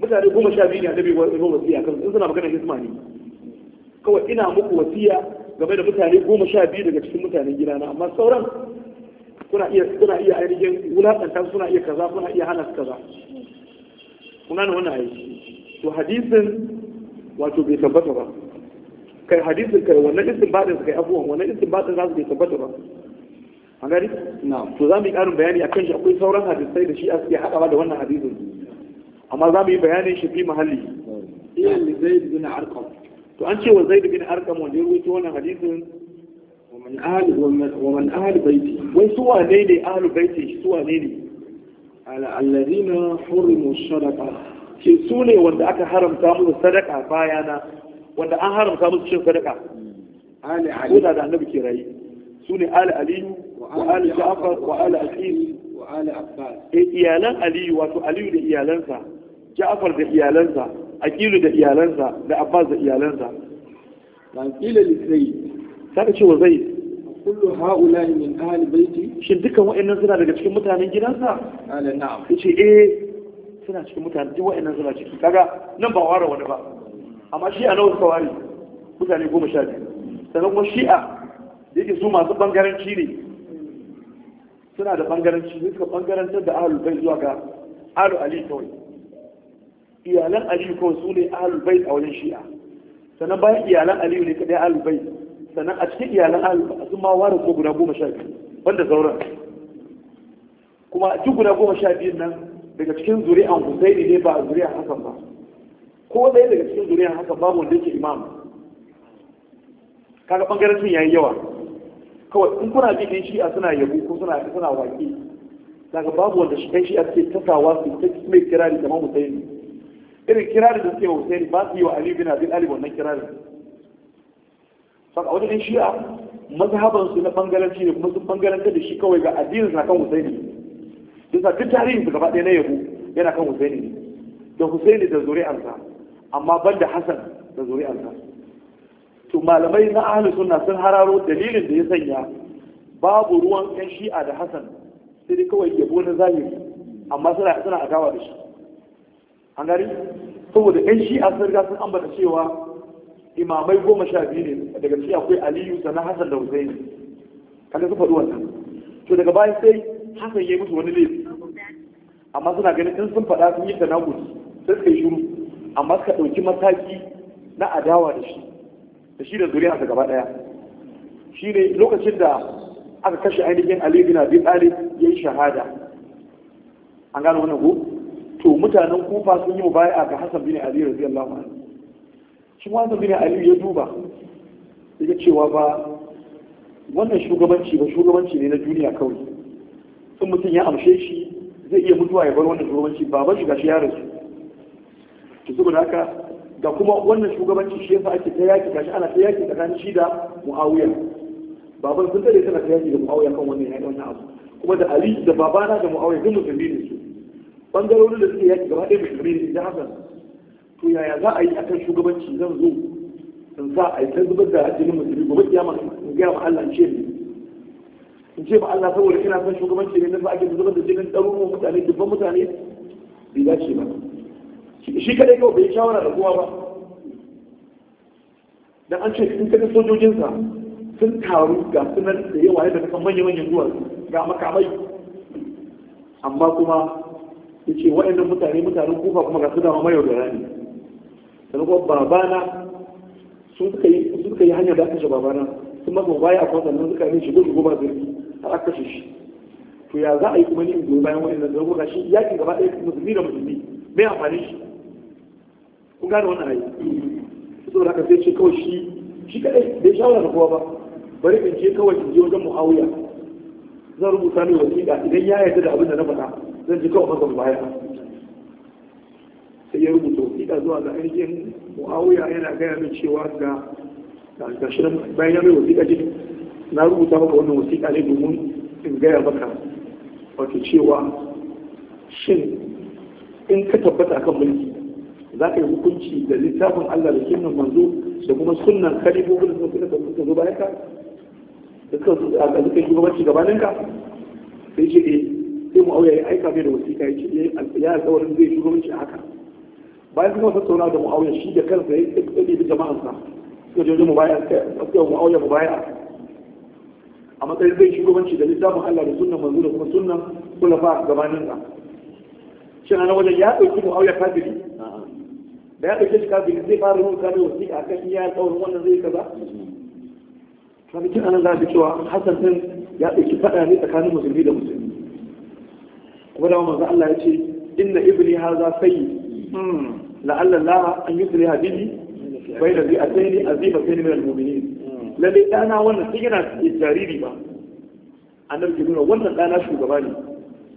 Speaker 2: mutane goma sha biyu ne annabi ya bar wasiya a kansu. in suna magana isma ne kawai ina muku wasiya game da mutane goma sha biyu daga cikin mutanen gidana amma sauran kuna iya kuna iya ainihin wulaƙanta suna iya kaza kuna iya hana kaza kuna ne wannan aiki to hadisin wato bai tabbata ba kai hadisin kai wannan istinbadin kai abubuwan wannan istinbadin za su bai tabbata ba an gani to za mu yi karin bayani a kan shi akwai sauran hadisai da shi a suke haɗawa da wannan hadisin amma za mu yi bayanin shi fi mahalli iyan li zaid bin arqam to an ce wa zaid bin arqam wanda ya rubuta wannan hadisin ومن أهل ومن أهل بيتي وسوى نيلي أهل بيتي سوى نيلي على الذين حرموا الصدقة ce su ne wanda aka haramta musu sadaka bayana wanda an haramta musu cin sadaka ali da annabi ke rayu su ne ali aliyu wa ali ja'far wa ali aqil
Speaker 1: wa ali abbas
Speaker 2: eh iyalan aliyu wato aliyu da iyalansa ja'far da iyalansa aqilu da iyalansa da abbas da iyalansa dan kila li sai saka ce wa zai kullu ha'ula min ahli baiti shin dukan wa'annan suna daga cikin mutanen gidansa ala na'am yace eh suna cikin mutane duk nan suna ciki kaga nan ba ware wani ba amma shi'a nawa suka ware mutane goma sha biyu sannan kuma shi'a da yake su masu bangaranci ne suna da bangaranci ne suka bangarantar da ahlul bai zuwa ga ahlul ali kawai iyalan ali kawai su ne ahlul bai a wajen shi'a sannan bayan iyalan ali ne kadai ahlul bai sannan a cikin iyalan ahlul su ma ware ko guda goma sha biyu Wanda sauran kuma duk guda goma sha biyun nan daga cikin zuri'an husaini ne ba zuri'an hakan ba ko dai daga cikin zuri'an hasan babu wanda yake imam kaga bangaren sun yayi yawa kawai in kuna bi din shi'a suna yabo ko suna suna waki. daga babu wanda shi kai shi'a suke tasawa su ta mai kirari kamar husaini irin kirari da suke wa husaini ba su yi wa ali bin abi talib wannan kirarin saka wajen din shi'a mazhaban su na bangaren shi ne kuma sun bangaren da shi kawai ga addinin na kan husaini yasa duk tarihin su gaba ɗaya na yabo yana kan husaini ne da husaini da zuri'arsa amma ban da hasan da zuri'arsa to malamai na ahli sunna sun hararo dalilin da ya sanya babu ruwan kan shi'a da hasan sai dai kawai yabo na zahiri amma suna suna adawa da shi an gari saboda kan shi'a sun riga sun ambata cewa imamai goma sha biyu ne daga shi akwai aliyu sannan hasan da husaini kaga su faɗi wannan to daga baya sai hasan ya yi musu wani laifi amma suna ganin in sun faɗa sun yi tanaguri sai suka yi shuru, amma suka ɗauki mataki na adawa da shi da shi da zuriya ta gaba ɗaya shi ne lokacin da aka kashe ainihin Ali bin Abi Talib ya yi shahada an gano wannan ko to mutanen kufa sun yi bay'a ga Hassan bin Ali radiyallahu anhu shi hasan bin Ali ya duba ya cewa ba wannan shugabanci ba shugabanci ne na duniya kawai sun mutum ya amshe shi zai iya mutuwa ya bar wannan shugabanci baban shi gashi ya rasu to saboda haka ga kuma wannan shugabanci shi yasa ake ta yaki gashi ana ta yaki tsakanin shi da muawiya baban sun tare tana ta yaki da muawiya kan wannan yayi wannan abu kuma da ali da babana da muawiya duk musulmi ne su bangarorin da suke yaki gaba ɗaya musulmi ne da hakan to yaya za a yi akan shugabanci zan zo in sa a yi ta zubar da jinin musulmi gobe kiyama in gaya ma Allah ce ne in ce ba Allah saboda kina son shugabanci ne nasa ake zubar da jinin ɗaruruwan mutane dubban mutane bai dace ba shi kadai kawai bai shawara da kowa ba dan an ce in kaga sojojinsa sun taru ga sunan da yawa da kasan manya-manyan zuwa ga makamai amma kuma ya ce waɗannan mutane mutanen kufa kuma ga su dama mayau da rani sannan kuma babana sun suka yi hanyar da aka shi babana sun masa baya a nan suka yi shigo shigo ba zirki har aka kashe shi to ya za a yi kuma ni in goyi bayan wani da rubuta shi yakin gaba ɗaya musulmi da musulmi mai amfani shi kun gane wannan ayi da haka sai ce kawai shi shi kaɗai bai shawara da kowa ba bari in je kawai in je wajen muawiya zan rubuta mai wasiƙa idan ya yarda da abin da na faɗa zan je kawai masa baya sai ya rubuta wasiƙa zuwa ga ainihin muawiya yana gaya min cewa ga ga shi bayan ya mai wasiƙa jini na rubuta maka wannan wasiƙa ne domin in gaya maka wato cewa shin in ka tabbata kan mulki za ka yi hukunci da littafin Allah da kinnan manzo da kuma sunan kalibobin da suka suka zo bayan ka da suka zuka yi gabanci gabanin ka sai ce eh sai mu auya ya aika mai da wasiƙa ya ce eh, ya alƙawarin zai shugabanci a haka bayan kuma tattauna da mu'awiya shi da kansa ya tsaye da jama'ansa suka je mu baya suka mu mu'awiya mu baya a matsayin zai shugabanci da littafin Allah da sunan manzo da kuma sunnan kulafa gabanin sa
Speaker 1: shin ana wajen ya dauki muawiya kafiri
Speaker 2: da ya dauke shi kafiri zai fara rubuta da wasiƙa akan iya tsawon wannan zai kaza Ta bikin anan za ka cewa Hassan din ya dauki fada ne tsakanin musulmi da musulmi kuma da manzo Allah ya ce inna ibni hadha sayyi hmm. la'alla Allah an yusliha bihi
Speaker 1: bayna bi'atayn azimatayni
Speaker 2: min al-mu'minin lalle dana wannan sai yana jariri ba annabi nan nuna wannan dana shugaba ne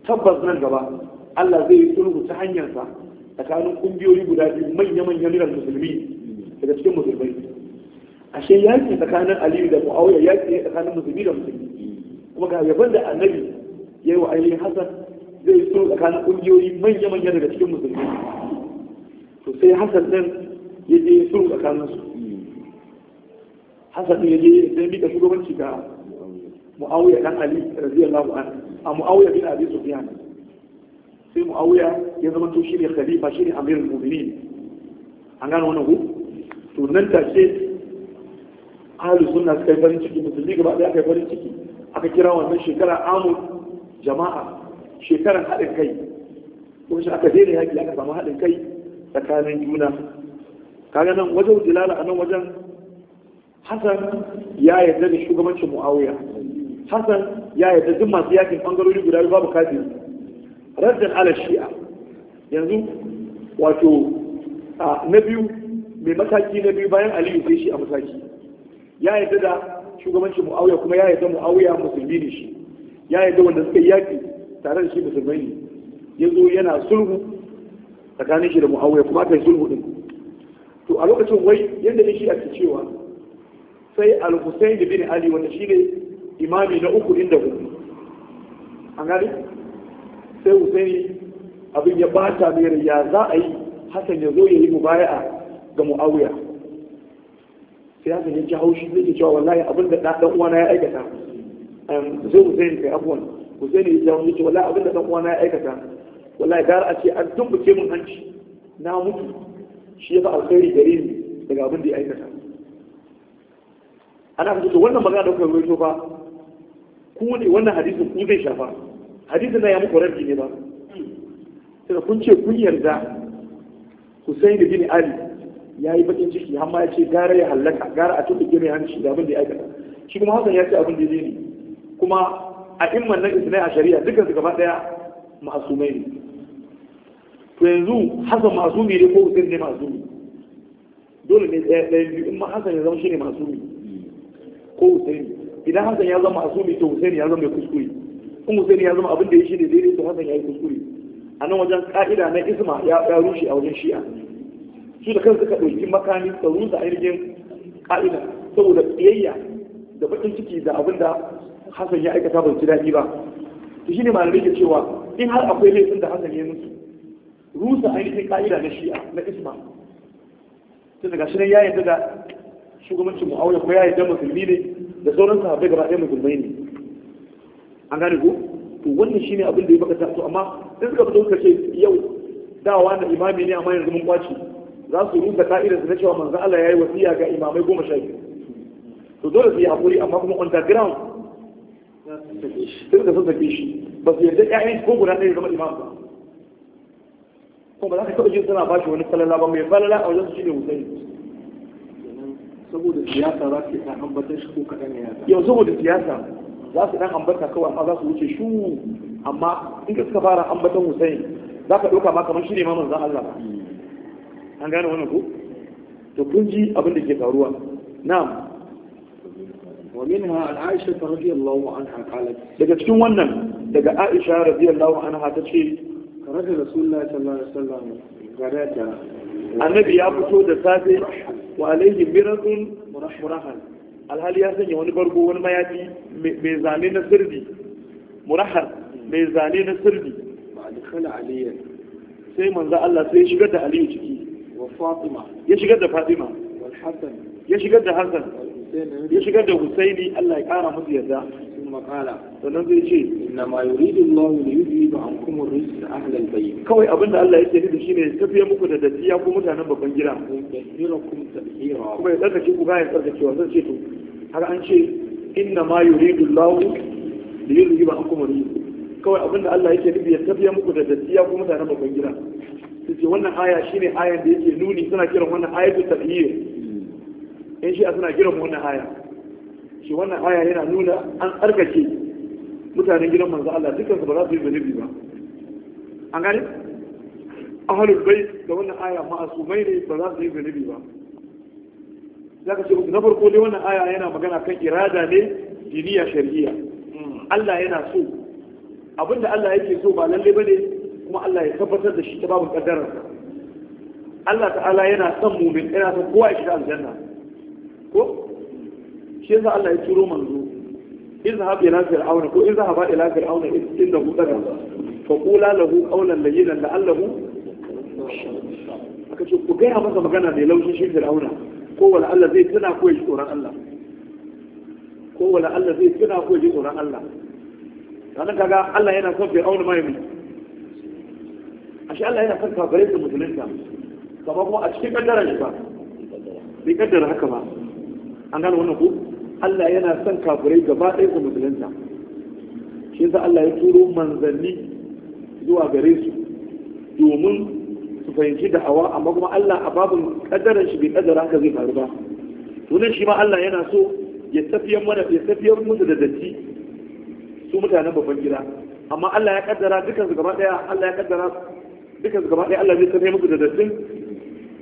Speaker 2: tabbas nan gaba Allah zai yi sulhu ta hanyarsa tsakanin kungiyoyi guda biyu manya manyan miran musulmi daga cikin musulmai ashe yaki tsakanin aliyu da mu'awiya yaki ce tsakanin musulmi da musulmi kuma ga yaban da annabi ya yi wa ainihin Hassan zai so tsakanin kungiyoyi manya manyan daga cikin musulmi to sai Hassan nan ya je sulhu tsakanin su hasan ya je sai mika shugabanci ga muawiya dan ali radiyallahu anhu a muawiya bin abi sufyan sai muawiya ya zama to shine khalifa shine amirul mu'minin an gano wannan ku to nan ta ce ahlu sunna suka yi farin ciki musulmi gaba ɗaya aka yi farin ciki aka kira wannan shekara amur jama'a shekarar haɗin kai kuma shi aka daina yaƙi aka samu haɗin kai tsakanin juna kaga nan wajen dilala a nan wajen Hassan ya yarda da shugabancin Muawiya Hassan ya yarda duk masu yakin bangarori guda biyu babu kafiri raddan ala shi'a yanzu wato na biyu mai mataki na biyu bayan Aliyu sai shi a mataki ya yarda da shugabancin Muawiya kuma ya yarda Muawiya musulmi ne shi ya yarda wanda suka yi yaki tare da shi musulmai ne yanzu yana sulhu tsakanin shi da Muawiya kuma aka yi sulhu din to a lokacin wai yadda ne shi ake cewa sai al-husayn bin ali wanda shi ne imami na uku inda hudu an gani sai husaini abin ya bata mai ya za a yi hasan ya zo ya yi mubaya'a ga muawiya sai hasan ya ji haushi zai ke cewa wallahi abin da dan uwana ya aikata zai husaini kai abuwan husaini ya ji haushi ce wallahi abin da dan uwana ya aikata wallahi gara a ce an tumbuke mun hanci na mutu shi ya fa alkhairi gare ni daga abin da ya aikata ana fito to wannan magana da kuka rawaito fa ku ne wannan hadisi ku zai shafa hadisin na ya muku rabbi ne ba sai kun ce kun yarda Hussein bin Ali ya yi bakin ciki ma ya ce gara ya hallaka gara a tuɓe mai hanci da abin da ya aikata shi kuma Hassan ya ce abin da ya ne kuma a imman na isnai a shari'a dukkan su gaba daya ma'asumai ne to yanzu Hassan ma'asumi ne ko Hussein ne ma'asumi dole ne ɗaya ɗaya biyu in ma Hassan ya zama shi ne ma'asumi ko Husaini idan Hassan ya zama a asumi to Husaini ya zama mai kuskure in Husaini ya zama abin da ya shi ne daidai to Hassan ya yi kuskure a nan wajen ka'ida na isma ya rushe a wajen shi'a su da kansu ka ɗauki makami ka rusa ainihin ka'ida saboda tsayayya da baƙin ciki da abin da Hassan ya aikata bai ji daɗi ba to shine malamai ke cewa in har akwai laifin da Hassan ya mutu rusa ainihin ka'ida na shi'a na isma tun daga shi ya yarda da shugabancin mu'awiyar ko ya yi dan musulmi ne da sauran sahabbai gaba ɗaya musulmai ne an gane ko to wannan shine abin da ya baka taso amma in suka fito suka ce yau dawa na imami ne amma yanzu mun kwaci za su rusa ka'idar su na cewa manzo Allah ya yi wasiya ga imamai goma sha biyu to dole su yi hakuri amma kuma underground sai da sun sake shi ba su yarda ƴaƴan ko guda ɗaya zama imam ba kuma ba za ka taɓa jin suna ba shi wani falala ba mai falala a wajen su shine Hussein saboda siyasa za su ɗan ambata shi ko kaɗan ne yau saboda siyasa za su ɗan ambata kawai amma za su wuce shu amma in ka suka fara ambatan Hussein za ka ɗauka ma kamar shi ne mamman za Allah an gane wannan ko to kun ji abin da ke faruwa na'am wa minha an Aisha radiyallahu anha qalat daga cikin wannan daga Aisha radiyallahu anha ta ce karaja rasulullahi sallallahu alaihi wasallam garata
Speaker 1: annabi ya fito
Speaker 2: da safe wa alaihi mirazun murahan alhali ya sanya wani barko wani mayafi mai zane na sirri murahan mai zane na sirri ba dukkan aliyar sai manzo Allah sai shigar da aliyu ciki wa fatima ya shigar da fatima wal Hassan ya shigar da hasan ya shigar da husaini Allah ya kara musu yarda kuma kala sannan zai ce inna ma yuridu Allah li yuzhiba ankum ar-rijs ahla bayt kawai abinda Allah yake nufi shine ya tafiye muku da dadiya ko mutanen babban gida tadhira kuma ya tsarkake ku ga ya tsarkake ce to har an ce inna ma yuridu Allah li yuzhiba ankum kawai abinda Allah yake nufi ya tafiye muku da dadiya ko mutanen babban gida sai wannan aya shine ayan da yake nuni suna kiran wannan ayatu tadhir in shi suna kiran wannan aya ce wannan aya yana nuna an tsarkake mutanen gidan manzo Allah dukkan su ba za su yi zunubi ba an gane ahlul bait da wannan aya ma'asumai ne ba za su yi zunubi ba zaka ce na farko dai wannan aya yana magana kan irada ne diniya shar'iyya Allah yana so abinda Allah yake so ba lalle bane kuma Allah ya tabbatar da shi ta babu kaddara Allah ta'ala yana son mumin yana son kowa ya shiga aljanna ko shi yasa Allah ya turo manzo izhab ila fir'aun ko izhaba ila fir'aun inda hu daga fa qula lahu qawlan layyinan la'allahu aka ce ku gaya masa magana da laushin shi fir'auna ko wala Allah zai tana ko ji tsoron Allah ko wala Allah zai tana ko ji tsoron Allah sannan kaga Allah yana son fir'auna mai mai ashe Allah yana son kafirai da musulunta kamar kuma a cikin kaddara ne ba
Speaker 1: bai kaddara haka
Speaker 2: ba an gane wannan ku Allah yana son kafirai gaba ɗaya ga musulunta shi yasa Allah ya turo manzanni zuwa gare su domin su fahimci da'awa amma kuma Allah a babin kaddaran shi bai kadara haka zai faru ba tunan shi ma Allah yana so ya tafiyar mana ya tafiyar musu da datti su mutanen babban gida amma Allah ya kaddara dukan su gaba ɗaya, Allah ya kaddara dukan su gaba ɗaya, Allah zai tafiyar musu da dattin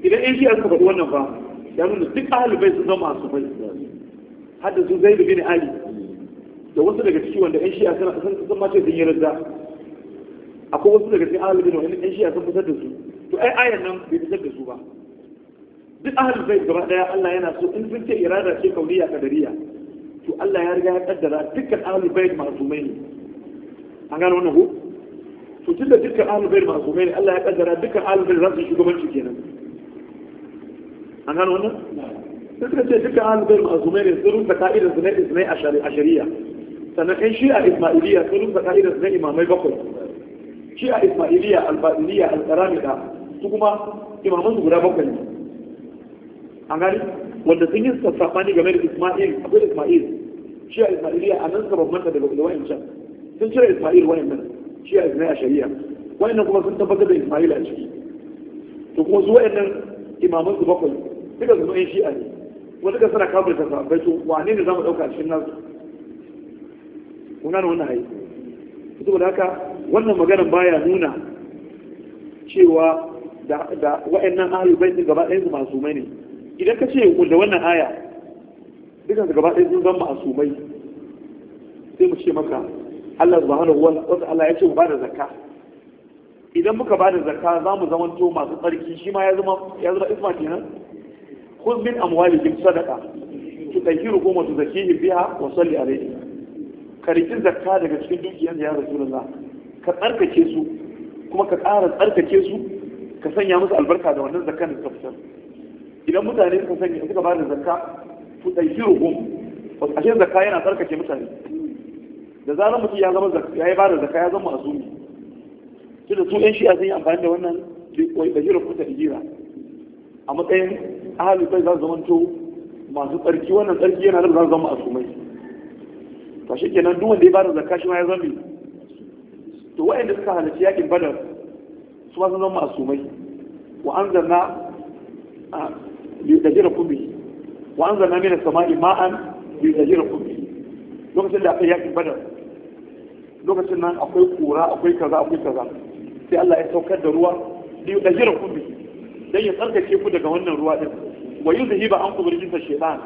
Speaker 2: idan in shi aka faɗi wannan ba ya nuna duk ahlul bai sun zama su bai har da su zai bin ali da wasu daga ciki wanda yan shi'a suna sun sun mace sun yi radda akwai wasu daga cikin ahlul bait wanda yan shi'a sun fitar da su to ai ayan nan bai fitar da su ba duk ahlul bait gaba daya Allah yana so in sun ce irada ce kauniya kadariya to Allah ya riga ya kaddara dukkan ahlul bait masumai ne an gano wannan ko to tun da dukkan ahlul bayt masumai ne Allah ya kaddara dukkan ahlul bayt za su shugabanci kenan an gano wannan sai suka ce dukkan ahlul bayt ma'zumai ne sun rubuta ka'idar su na isnai a shari'a sannan in shi a ismailiyya sun rubuta ka'idar su na imamai bakwai shi a ismailiyya albadiliya alkaramida su kuma imaman su guda bakwai ne an gani wanda sun yi sassafani game da ismail akwai ismail shi a ismailiyya a nan suka bambanta daga da wayancan sun cire ismail wayannan shi a isnai a shari'a wayannan kuma sun tabbatar da ismail a ciki to kuma su wayannan imaman su bakwai duka zama yan shi'a ne wasu ka suna ta sahabbai to wane ne za mu ɗauka cikin nasu kuna da wannan hayi da haka wannan maganar baya nuna cewa da wa'annan ahlul bait gaba ɗayan su masumai ne idan ka ce da wannan aya dukansu gaba ɗaya sun zama masumai sai mu ce maka Allah subhanahu wa ta'ala ya ce mu bada zakka idan muka bada zakka za mu zama to masu tsarki shi ma ya zama ya zama isma kenan kun min amwalihim sadaqa tutahhirukum wa tuzakkihim biha wa salli alayhim karikin zakka daga cikin dukiyan da ya rasulullah ka tsarkake su kuma ka ƙara tsarkake su ka sanya musu albarka da wannan zakkan da suka fitar idan mutane suka sanya suka ba da zakka tutahhirukum ashe zakka yana tsarkake mutane da zarar mutum ya zama ya yi ba da zakka ya zama azumi tunda su yan shi'a sun yi amfani da wannan da jirar kuta da jira a matsayin ahalin kai za su to masu tsarki wannan tsarki yana da za su zama a sumai to shi kenan duk wanda ya bada zakka shi ma ya zame to wa'anda suka halarci yakin badar su ma sun zama a sumai wa an zanna a liyudajira kumbi wa an zanna mina sama'i ma'an liyudajira kumbi lokacin da aka yakin badar lokacin nan akwai kura akwai kaza akwai kaza sai Allah ya saukar da ruwa liyudajira kumbi dan ya tsarkake ku daga wannan ruwa din wa yuzhiba ankum rijsa shaytan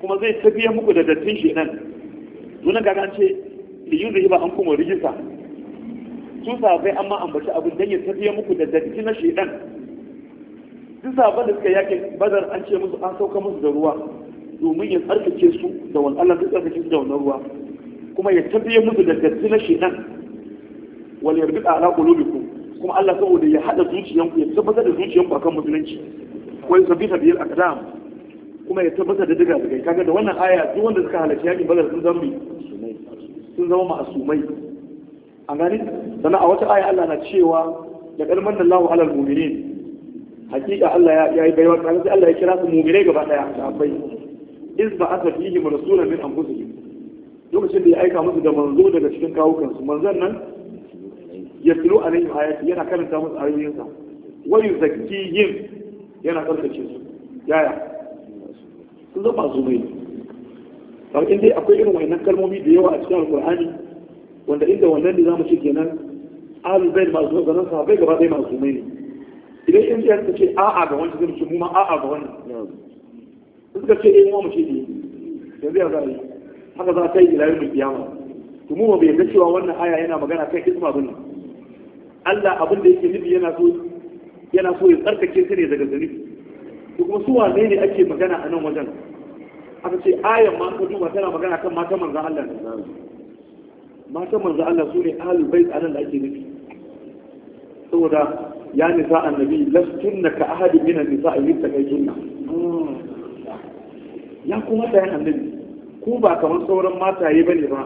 Speaker 2: kuma zai tafiya muku da dattin shaytan zuwa ga an ce li yuzhiba ankum rijsa su sabai amma ambaci abin dan ya tafiya muku da dattin na shaytan duk sabai da suka yakin badar an ce musu an sauka musu da ruwa domin ya tsarkake su da wani Allah ta tsarkake su da wannan ruwa kuma ya tafiya musu da dattin na shaytan wal yarbita ala qulubikum kuma Allah saboda ya hada zuciyanku ya tabbatar da zuciyanku akan musulunci wa yusabbitu a aqdam kuma ya tabbatar da diga daga kaga da wannan aya duk wanda suka halarci yaƙin badar sun zama sun zama ma'asumai a gani sannan a wata aya Allah na cewa da da Allahu alal mu'minin hakika Allah ya yi baiwa kaga sai Allah ya kira su mu'minai gaba daya da abai iz aka fihi rasulan min anfusihim lokacin da ya aika musu da manzo daga cikin kawukansu manzon nan yatlu alaihim ayati yana karanta musu ayoyinsa wa yuzakkihim yana karkace su yaya sun zama su ne kamar inda akwai irin wayannan kalmomi da yawa a cikin alqur'ani wanda inda wannan ne za mu ce kenan ahlul bayt masu ganin bai gaba ma masu ne idan in ta ce a'a ga wani zai ce mu ma a'a ga wani suka ce eh mu mu ce ne eh. yanzu ya zai haka za ta yi ila yau kiyama to mu ba bai ga cewa wannan aya yana magana kai kisma bane Allah abin da yake nufi yana so yana so ya tsarkake su ne daga zunubi to kuma su wane ne ake magana a nan wajen aka ce ayan ma ko duba tana magana kan matan manzo Allah ne matan manzo Allah su ne ahlul bait anan da ake nufi saboda ya nisa annabi lastunna ka ahadin min an-nisa yattaqaytunna ya kuma tayan annabi ku ba kamar sauran mataye bane ba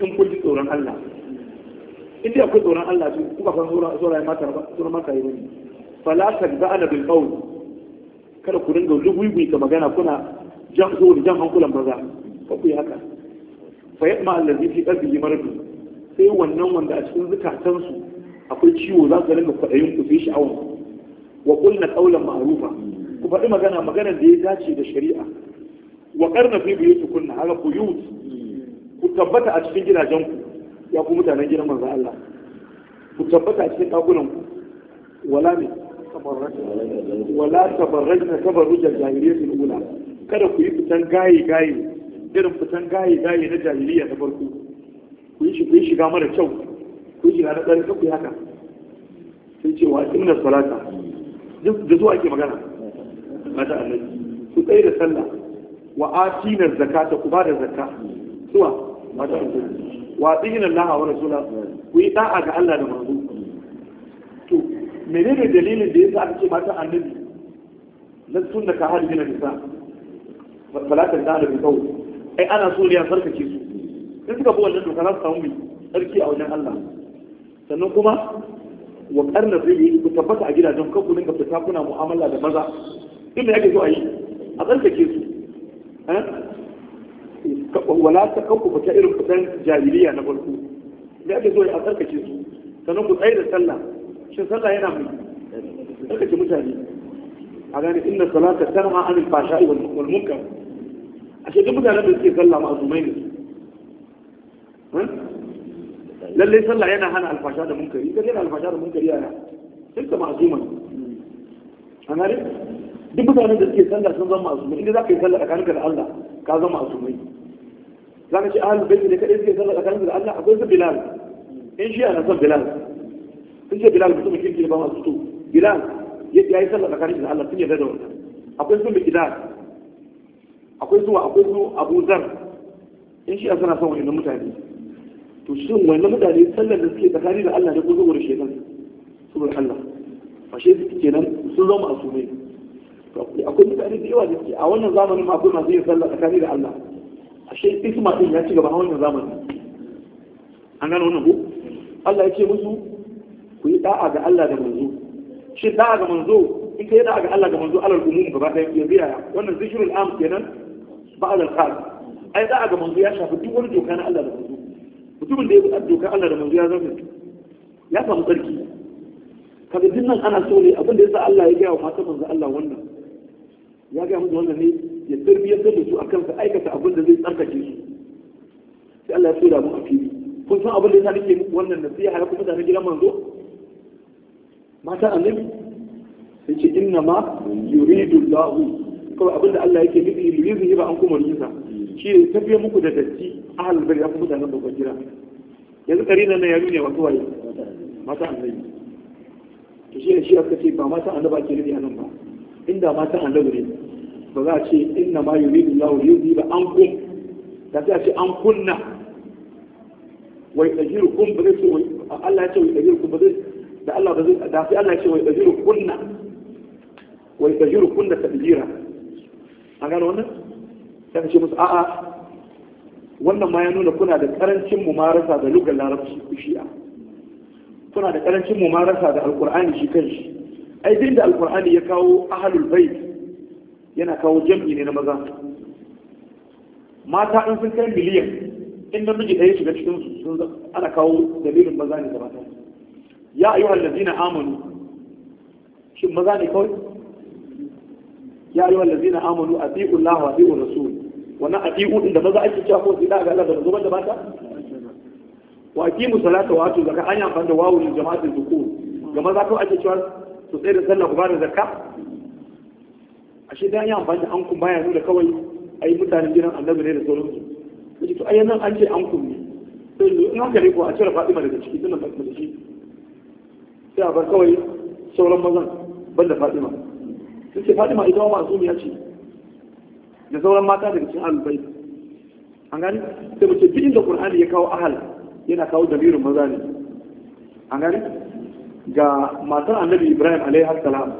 Speaker 2: in kun ji tsoron Allah in dai akwai tsoron Allah su kuka san tsoron mata ba tsoron mata yi bane fala tadba'ana bil qawl kada ku dinga lugugui ga magana kuna jan ko jan hankulan maza ba ku yi haka fa yatma allazi fi qalbihi marad sai wannan wanda a cikin zukatan su akwai ciwo za su dinga kwadayin ku sai sha'awa wa qulna qawlan ma'rufa ku faɗi magana magana da ya dace da shari'a wa qarna fi buyutikunna haka ku yi ku tabbata a cikin gidajen ku ya ku mutanen gidan manzo Allah ku tabbata cikin dakunan ku wala ne wala tabarrajna tabarrujal sun ula kada ku yi fitan gaye gaye irin fitan gaye gaye na jahiliyya ta farko ku yi ku yi shiga mara kyau ku yi shiga na tsari ku haka sai ce wa inna salata da zuwa ake magana mata annabi ku tsaye da sallah wa atina zakata ku ba da zakka zuwa mata annabi wa tsihin Allah wa ku yi da'a ga Allah da manzo menene dalilin da yasa aka ce matan annabi lan sunna ka hadu min nisa fala ta da bi kawu ana so ne a sarkace su in suka bi wannan doka za su samu a wajen Allah sannan kuma wa karna ku tabbata a gidajen kanku dinga fita kuna mu'amala da maza inda yake so a yi a tsarkake su eh? wala ta kanku fita irin fitan jahiliya na farko da ake so a tsarkake su sannan ku tsaye da sallah shin sallah yana mai tsarkake mutane a gane inna salata tanha anil fashai wal munkar ce duk mutanen da suke sallah ma'azumai ne lallai sallah yana hana alfasha da munkari idan yana alfasha da munkari yana sun ka ma'azuma a gane duk mutanen da suke sallah sun zama masu inda za ka yi sallah tsakaninka da Allah ka zama masu mai za ka ce ahalul baiti ne kaɗai suke sallah tsakaninka da Allah akwai su bilal in shi ana son bilal sun ce bilal mutumin kirki ne ba masu to bilal ya yi sallah tsakaninka da Allah sun yarda da wannan akwai su gida. akwai su akwai su abu zar in shi ana son wani mutane to shin wani mutane sallar da suke tsakani da Allah da ko da shekan saboda fashe su kenan sun zama mai akwai mutane da yawa da ke a wannan zamanin ma akwai masu yin sallah tsakani da Allah ashe isma din ya ci gaba a wannan zamanin an gano wannan ko Allah ya ce musu ku yi da'a ga Allah da manzo shi da'a ga manzo in ka yi da'a ga Allah da manzo alal umum gaba ɗaya ya biya wannan zikirul am kenan ba'al al-khas ai da'a ga manzo ya shafi duk wani doka na Allah da manzo mutumin da ya bi doka Allah da manzo ya zama ya samu tsarki kaga dinnan ana so ne abin da yasa Allah ya gaya wa matan manzo Allah wannan ya gaya musu wannan ne ya tarbiyyantar da su a kansa aikata abin da zai tsarkake su sai Allah ya tsira mu a fili kun san abin da yasa nake muku wannan nasiha ya kuma mutane gidan manzo mata annabi sai ce inna ma yuridu Allahu kawai abin da Allah yake nufi yuridu ba an kuma rijisa shi ne tafiye muku da datti ahal bari kuma mutanen babban gida yanzu kare nan ya nuna wasu waye mata annabi to shi ne shi aka ce ba mata annabi ke nufi nan ba inda ma matan annabi ne ba za a ce inna ma yuridu Allahu yuzi ba an kun da sai a ce an kunna wa kun ba zai ce Allah ya ce wa kun ba zai da Allah ba zai da sai Allah ya ce wa yajirukunna wa yajirukunna tadjira an gano wannan sai ce musu a'a wannan ma ya nuna kuna da karancin mumarasa da lugar larabci ku shi'a kuna da karancin mumarasa da alkur'ani shi kan shi ai din da alqur'ani ya kawo ahlul bait yana kawo jam'i ne na maza mata in sun kai miliyan in namiji ɗaya shiga cikin su ana kawo dalilin maza ne da mata ya ayyuhal allazina amanu shi maza ne kawai ya ayyuhal allazina amanu atiqu Allah wa atiqu rasul wannan atiqu din da maza ake cewa ko sai da ga Allah da zuban da mata wa aqimu salata wa atu zakka an yi amfani da wawu jama'atul zukur ga maza ko ake cewa su tsaye da sallah ku ba da zakka ashe dan yi amfani da an kun baya nuna kawai ai mutanen gidan annabi ne da su kace to ai an ce an kun ne sai in an gare ko a cire Fatima daga ciki tana Fatima da shi sai a bar kawai sauran mazan banda Fatima sun ce Fatima ita ma ya ce da sauran mata daga cikin albai an gani sai mu ce duk inda Qur'ani ya kawo ahal yana kawo dalilin maza ne an gani ga matar annabi ibrahim alaihi salam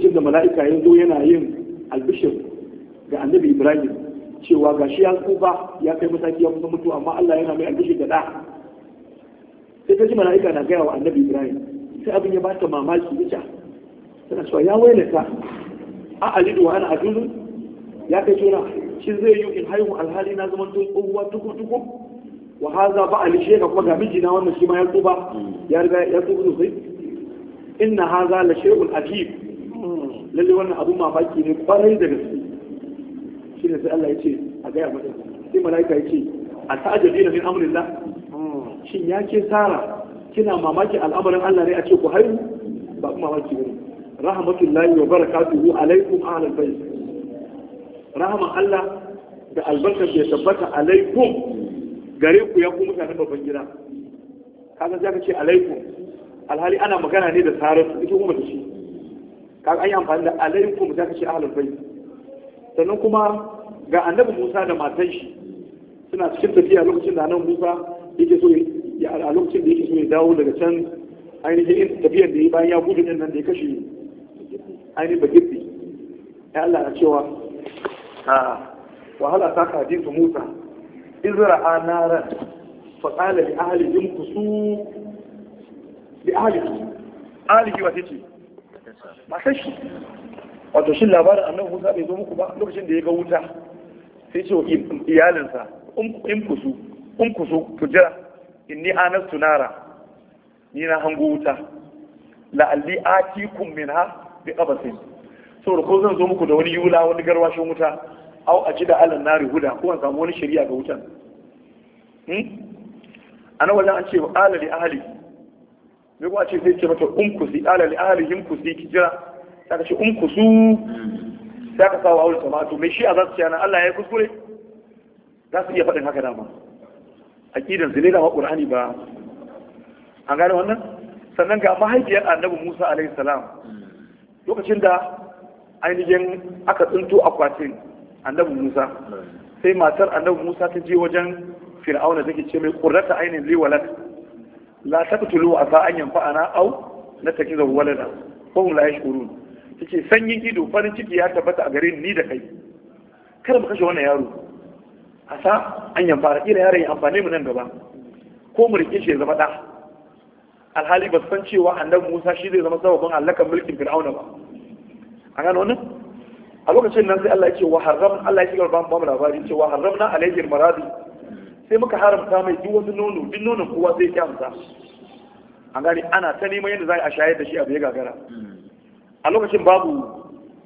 Speaker 2: shi da mala'ika ya zo yana yin albishir ga annabi ibrahim cewa ga shi ya tsufa ya kai mataki ya kusa mutu amma allah yana mai albishir da ɗa sai kaji mala'ika na gaya wa annabi ibrahim sai abin ya bata mamaki ita tana cewa ya wailata a alidu wa ana ajuzu ya kai juna shi zai yi in haihu alhali na zama tsohuwa tuku-tuku wa haza ba ali sheka kuma ga mijina wannan shi ma ya tsufa mm. ya riga ya tsufa sosai inna haza la shay'un ajib lalle wannan abun mamaki ne kwarai da gaske shi ne sai Allah ya ce a gaya mata sai malaika ya ce a ta'ajabina min amrillah mm. shin ya ke sara kina mamaki al'amarin Allah ne a ce ku haihu ba kuma mamaki ne. rahmatullahi wa barakatuhu alaikum ahlal bayt rahman Allah da albarkar ya tabbata alaikum gare ku ya ku mutanen babban gida kaga za ka ce alaikum alhali ana magana ne da saratu ita kuma da shi kaga an yi amfani da alaikum za ka ce ahlul bai. sannan kuma ga annabi Musa da matan shi suna cikin tafiya lokacin da annabi Musa yake so ya a lokacin da yake so ya dawo daga can ainihin tafiyar da ya bayan ya gudu nan da ya kashe ainihin bagirbi ya Allah na cewa ah, wahala ta ka su Musa izra'a naran faƙala li ahalihin ku su li ahalihi ahalihi wata ce matashi wato shi labarin annabi kusa bai zo muku ba lokacin da ya ga wuta sai ce iyalinsa um-, in ku su in ku su ku jira inni anastu nara ni na hango wuta la'alli atikum minha bi qabasin saboda ko zan zo muku da wani yula wani garwashin wuta au a da alan nari huda ko an samu wani shari'a ga wutan hmm? ana wallan an ce ala li ahli me a ce sai ce mata umkusi ala li ahli himkusi ki jira saka ce umkusu sai ka sawa aure sama to me shi a za su ce ana Allah ya kuskure za su iya faɗin haka dama aqidan su ne da qur'ani ba an gane wannan sannan ga mahaifiyar annabi Musa alaihi salam lokacin da ainihin aka tsinto akwatin annabi Musa sai matar annabi Musa ta je wajen Fir'auna take ce mai qurrata ainin li walad la taqtulu asa an yanfa'ana aw natakiza walada ko hum la yashkurun take sanyin ido farin ciki ya tabbata a gare ni da kai kar mu kashe wannan yaro asa an yanfa'ana ila yaron ya amfane mu nan gaba ko mu rike shi zama da alhali ba san cewa annabi Musa shi zai zama sababin hallakan mulkin Fir'auna ba a gano wannan a lokacin nan sai Allah ya ce wa haram Allah ya ce ba mu labari ce wa haramna alayhi maradi sai muka haramta mai duk wani nono duk nonon kowa zai ki amsa an gani ana ta neman yadda za a shayar da shi a bai gagara a lokacin babu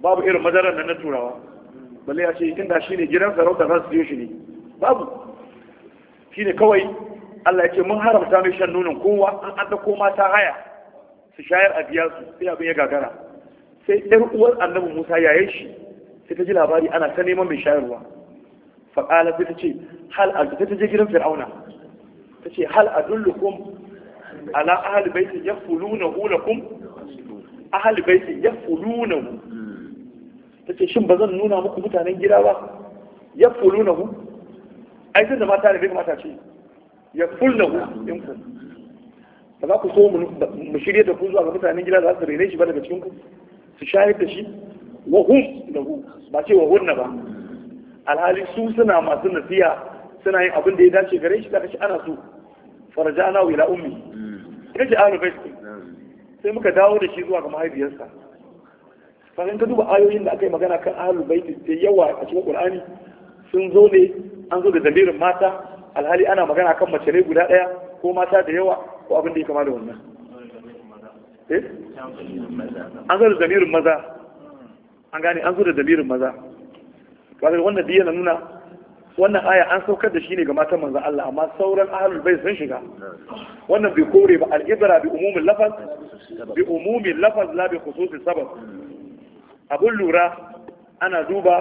Speaker 2: babu irin madarar nan na turawa balle ya ce inda shi ne gidan sarauta za su siyo shi ne babu shi ne kawai Allah ya ce mun haramta mai shan nonon kowa an an ɗauko mata haya su shayar a biya su sai abin ya gagara sai ɗan uwar annabi Musa yayin shi sai ta ji labari ana ta neman mai shayarwa faƙala sai ta ce hal a ta je gidan fir'auna ta ce hal a dullukum ala ahal baiti ya fuluna hulakum ahal baiti ya fuluna hu ta ce shin ba zan nuna muku mutanen gida ba ya fuluna hu ai tun da mata ne bai kamata ce ya fulna hu in ku ba za ku so mu shirya da ku zuwa ga mutanen gida za su rene shi ba daga cikin ku su shayar da shi Wahun, da hu ba ce wa hunna ba alhali su suna masu nasiya suna yin abin da ya dace gare shi daga shi ana so na wila ummi kace hmm. ahlul bait sai muka dawo da shi zuwa ga mahaifiyarsa sannan ka duba ayoyin da aka yi magana kan ahlul bait da yawa a cikin qur'ani sun zo ne an zo da dalilin mata alhali ana magana kan mace ne guda daya ko mata da yawa ko abin da ya kama da wannan eh? an zo da maza an gane an zo da damirin maza kaga wannan diya na nuna wannan aya an saukar da shi ne ga matan manzon Allah amma sauran ahlul bai sun shiga wannan bai kore ba al-ibra bi umumin lafaz bi umumin lafaz la bi khususi sabab abun lura ana duba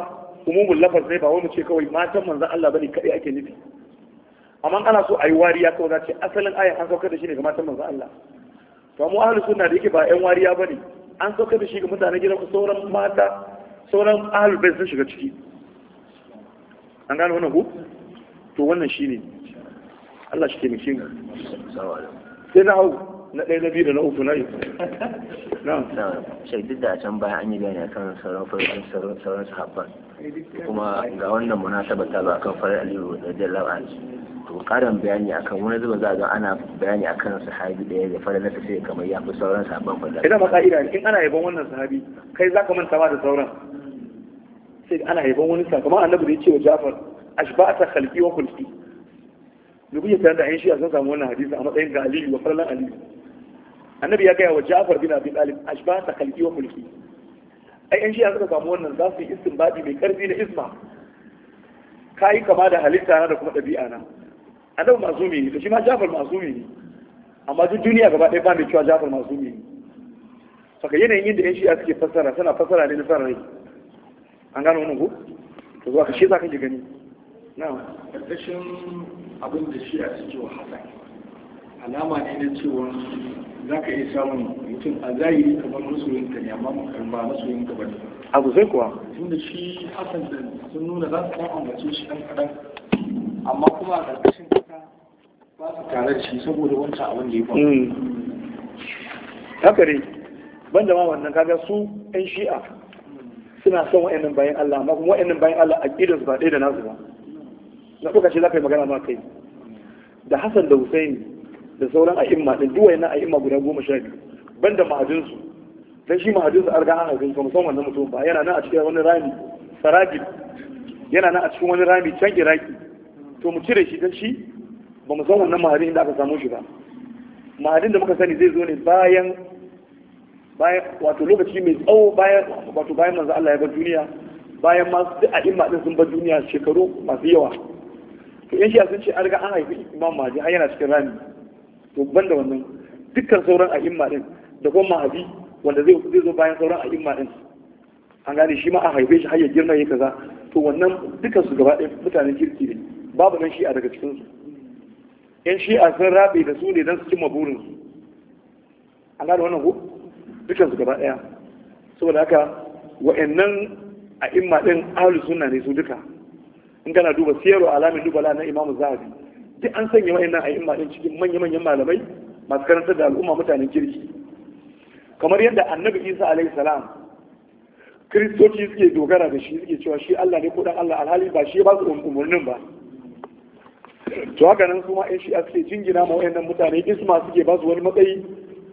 Speaker 2: umumin lafaz ne ba wai mu ce kawai matan manzon Allah bane kai ake nufi amma ana so ayi wariya kawai ce asalin aya an saukar da shi ne ga matan manzon Allah to mu ahlus sunna da yake ba yan wariya bane an sauka da shi ga mutane gidan sauran mata sauran ahalbai sun shiga ciki an gano wannan ku to wannan shi ne Allah shi ke mikin sai na hau na ɗaya na biyu da na uku na yi shaidu da can bayan an yi bayani akan sauran farin
Speaker 1: sauran sahabban kuma ga wannan munasabar ta ba kan farin aliyu da jallar an to karin bayani akan wani zuba za ga ana bayani akan sahabi da ya fara na tafiya kamar ya fi sauran sahabban fadda idan maka
Speaker 2: ira in ana yaban wannan sahabi kai za ka manta ma da sauran sai ana yaban wani sahabi kamar annabi da ya ce wa Ja'far ta Halki wa khulqi kuke tare da ayin shi a san samu wannan hadisi a matsayin ga Aliyu wa farlan Aliyu annabi ya gaya wa Ja'far bin Abi Talib ta Halki wa Kulki. ai an shi suka samu wannan za su yi istinbadi mai karfi na isma kayi kama da halitta na da kuma ɗabi'a na annabi masumi ne to shi ma jafar masumi ne amma duk duniya gaba ɗaya ba mai cewa jafar masumi ne saka yanayin yadda yan shi'a suke fassara suna fassara ne na sa rai an gano wani ku to zuwa ka shi za ka ji gani na ƙarƙashin abin da shi'a suke wa hasan alama ne na cewa za ka iya samun mutum a zahiri kamar masoyinka ne amma ba masoyinka ba ne a zai kuwa tunda shi hasan da sun nuna za su ɗan ambace shi ɗan kaɗan amma kuma a ƙarƙashin ba su tare da shi saboda wancan abin da ya faru hmm. haka ban da ma wannan kaga su yan shi'a suna son wa'annan bayan Allah amma kuma wa'annan bayan Allah aqidar su ba ɗaya da nasu ba na kuka ce za ka yi magana ma kai da Hassan da Hussein da sauran a'imma ɗin duwai na a'imma guda goma sha biyu ban da su dan shi ma'adinsu su an riga an haife su musamman na mutum ba yana nan a cikin wani rami sarajin yana nan a cikin wani rami can iraki to mu cire shi dan shi ba mu san wannan mahadin inda aka samu shi ba mahadin da muka sani zai zo ne bayan wato lokaci mai tsawo bayan wato bayan manzo Allah ya bar duniya bayan ma duk a'imma din sun bar duniya shekaru masu yawa to in shi'a sun ce an riga an haifi imam mahadi har yana cikin rami to ban da wannan dukkan sauran a'imma din da kuma mahadi wanda zai zai zo bayan sauran a'imma din an gane shi ma a haife shi har ya girma ya kaza to wannan dukkan su gaba ɗaya mutanen kirki ne babu nan a daga cikin su yan shi'a sun rabe da su ne don su cimma burinsu an gada wannan ku dukansu gaba ɗaya saboda haka wa'annan a imma ɗin ahalus sunna ne su duka in kana duba siyarwa alamin dubala na imamu zahabi duk an sanya wa'annan a imma ɗin cikin manya-manyan malamai masu karanta da al'umma mutanen kirki kamar yadda annabi isa alaihi salam kiristoci suke dogara da shi suke cewa shi allah ne ko dan allah alhali ba shi ba su umarnin ba to haka nan kuma in shi'a suke jingina ma wayannan mutane isma suke ba su wani matsayi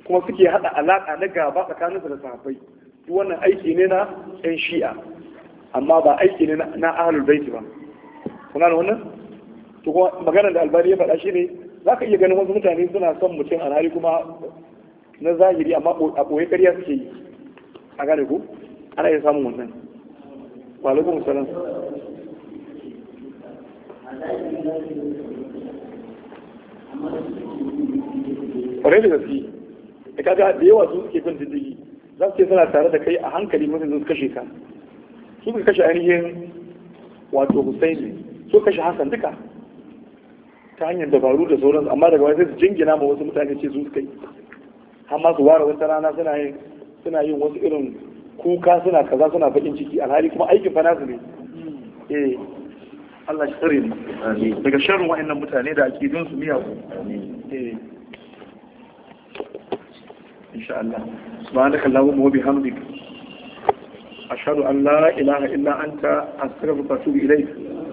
Speaker 2: kuma suke hada alaka na gaba tsakanin su da sahabbai duk wannan aiki ne na yan shi'a amma ba aiki ne na ahlul baiti ba kun gane wannan to kuma maganar da albani ya faɗa shi ne zaka iya ganin wasu mutane suna son mutum hali kuma na zahiri amma a ɓoye ƙarya suke yi a gane ku ana iya samun wannan wa alaikum salam kwarai da gaske da kaga da yawa su suke bin diddigi za su ce suna tare da kai a hankali mutum sun kashe ka su ka kashe ainihin wato Hussaini su kashe Hassan duka ta hanyar dabaru da sauransu amma daga wani sai su jingina ma wasu mutane ce su suka yi amma su ware wata rana suna yin suna yin wasu irin kuka suna kaza suna bakin ciki alhali kuma aikin fa nasu ne eh Allah shi tsare mu daga sharrin wa'annan mutane da ake don su miyagu eh. insha Allah subhanaka allahumma wa bihamdika ashhadu an la ilaha illa anta astaghfiruka wa atubu ilayk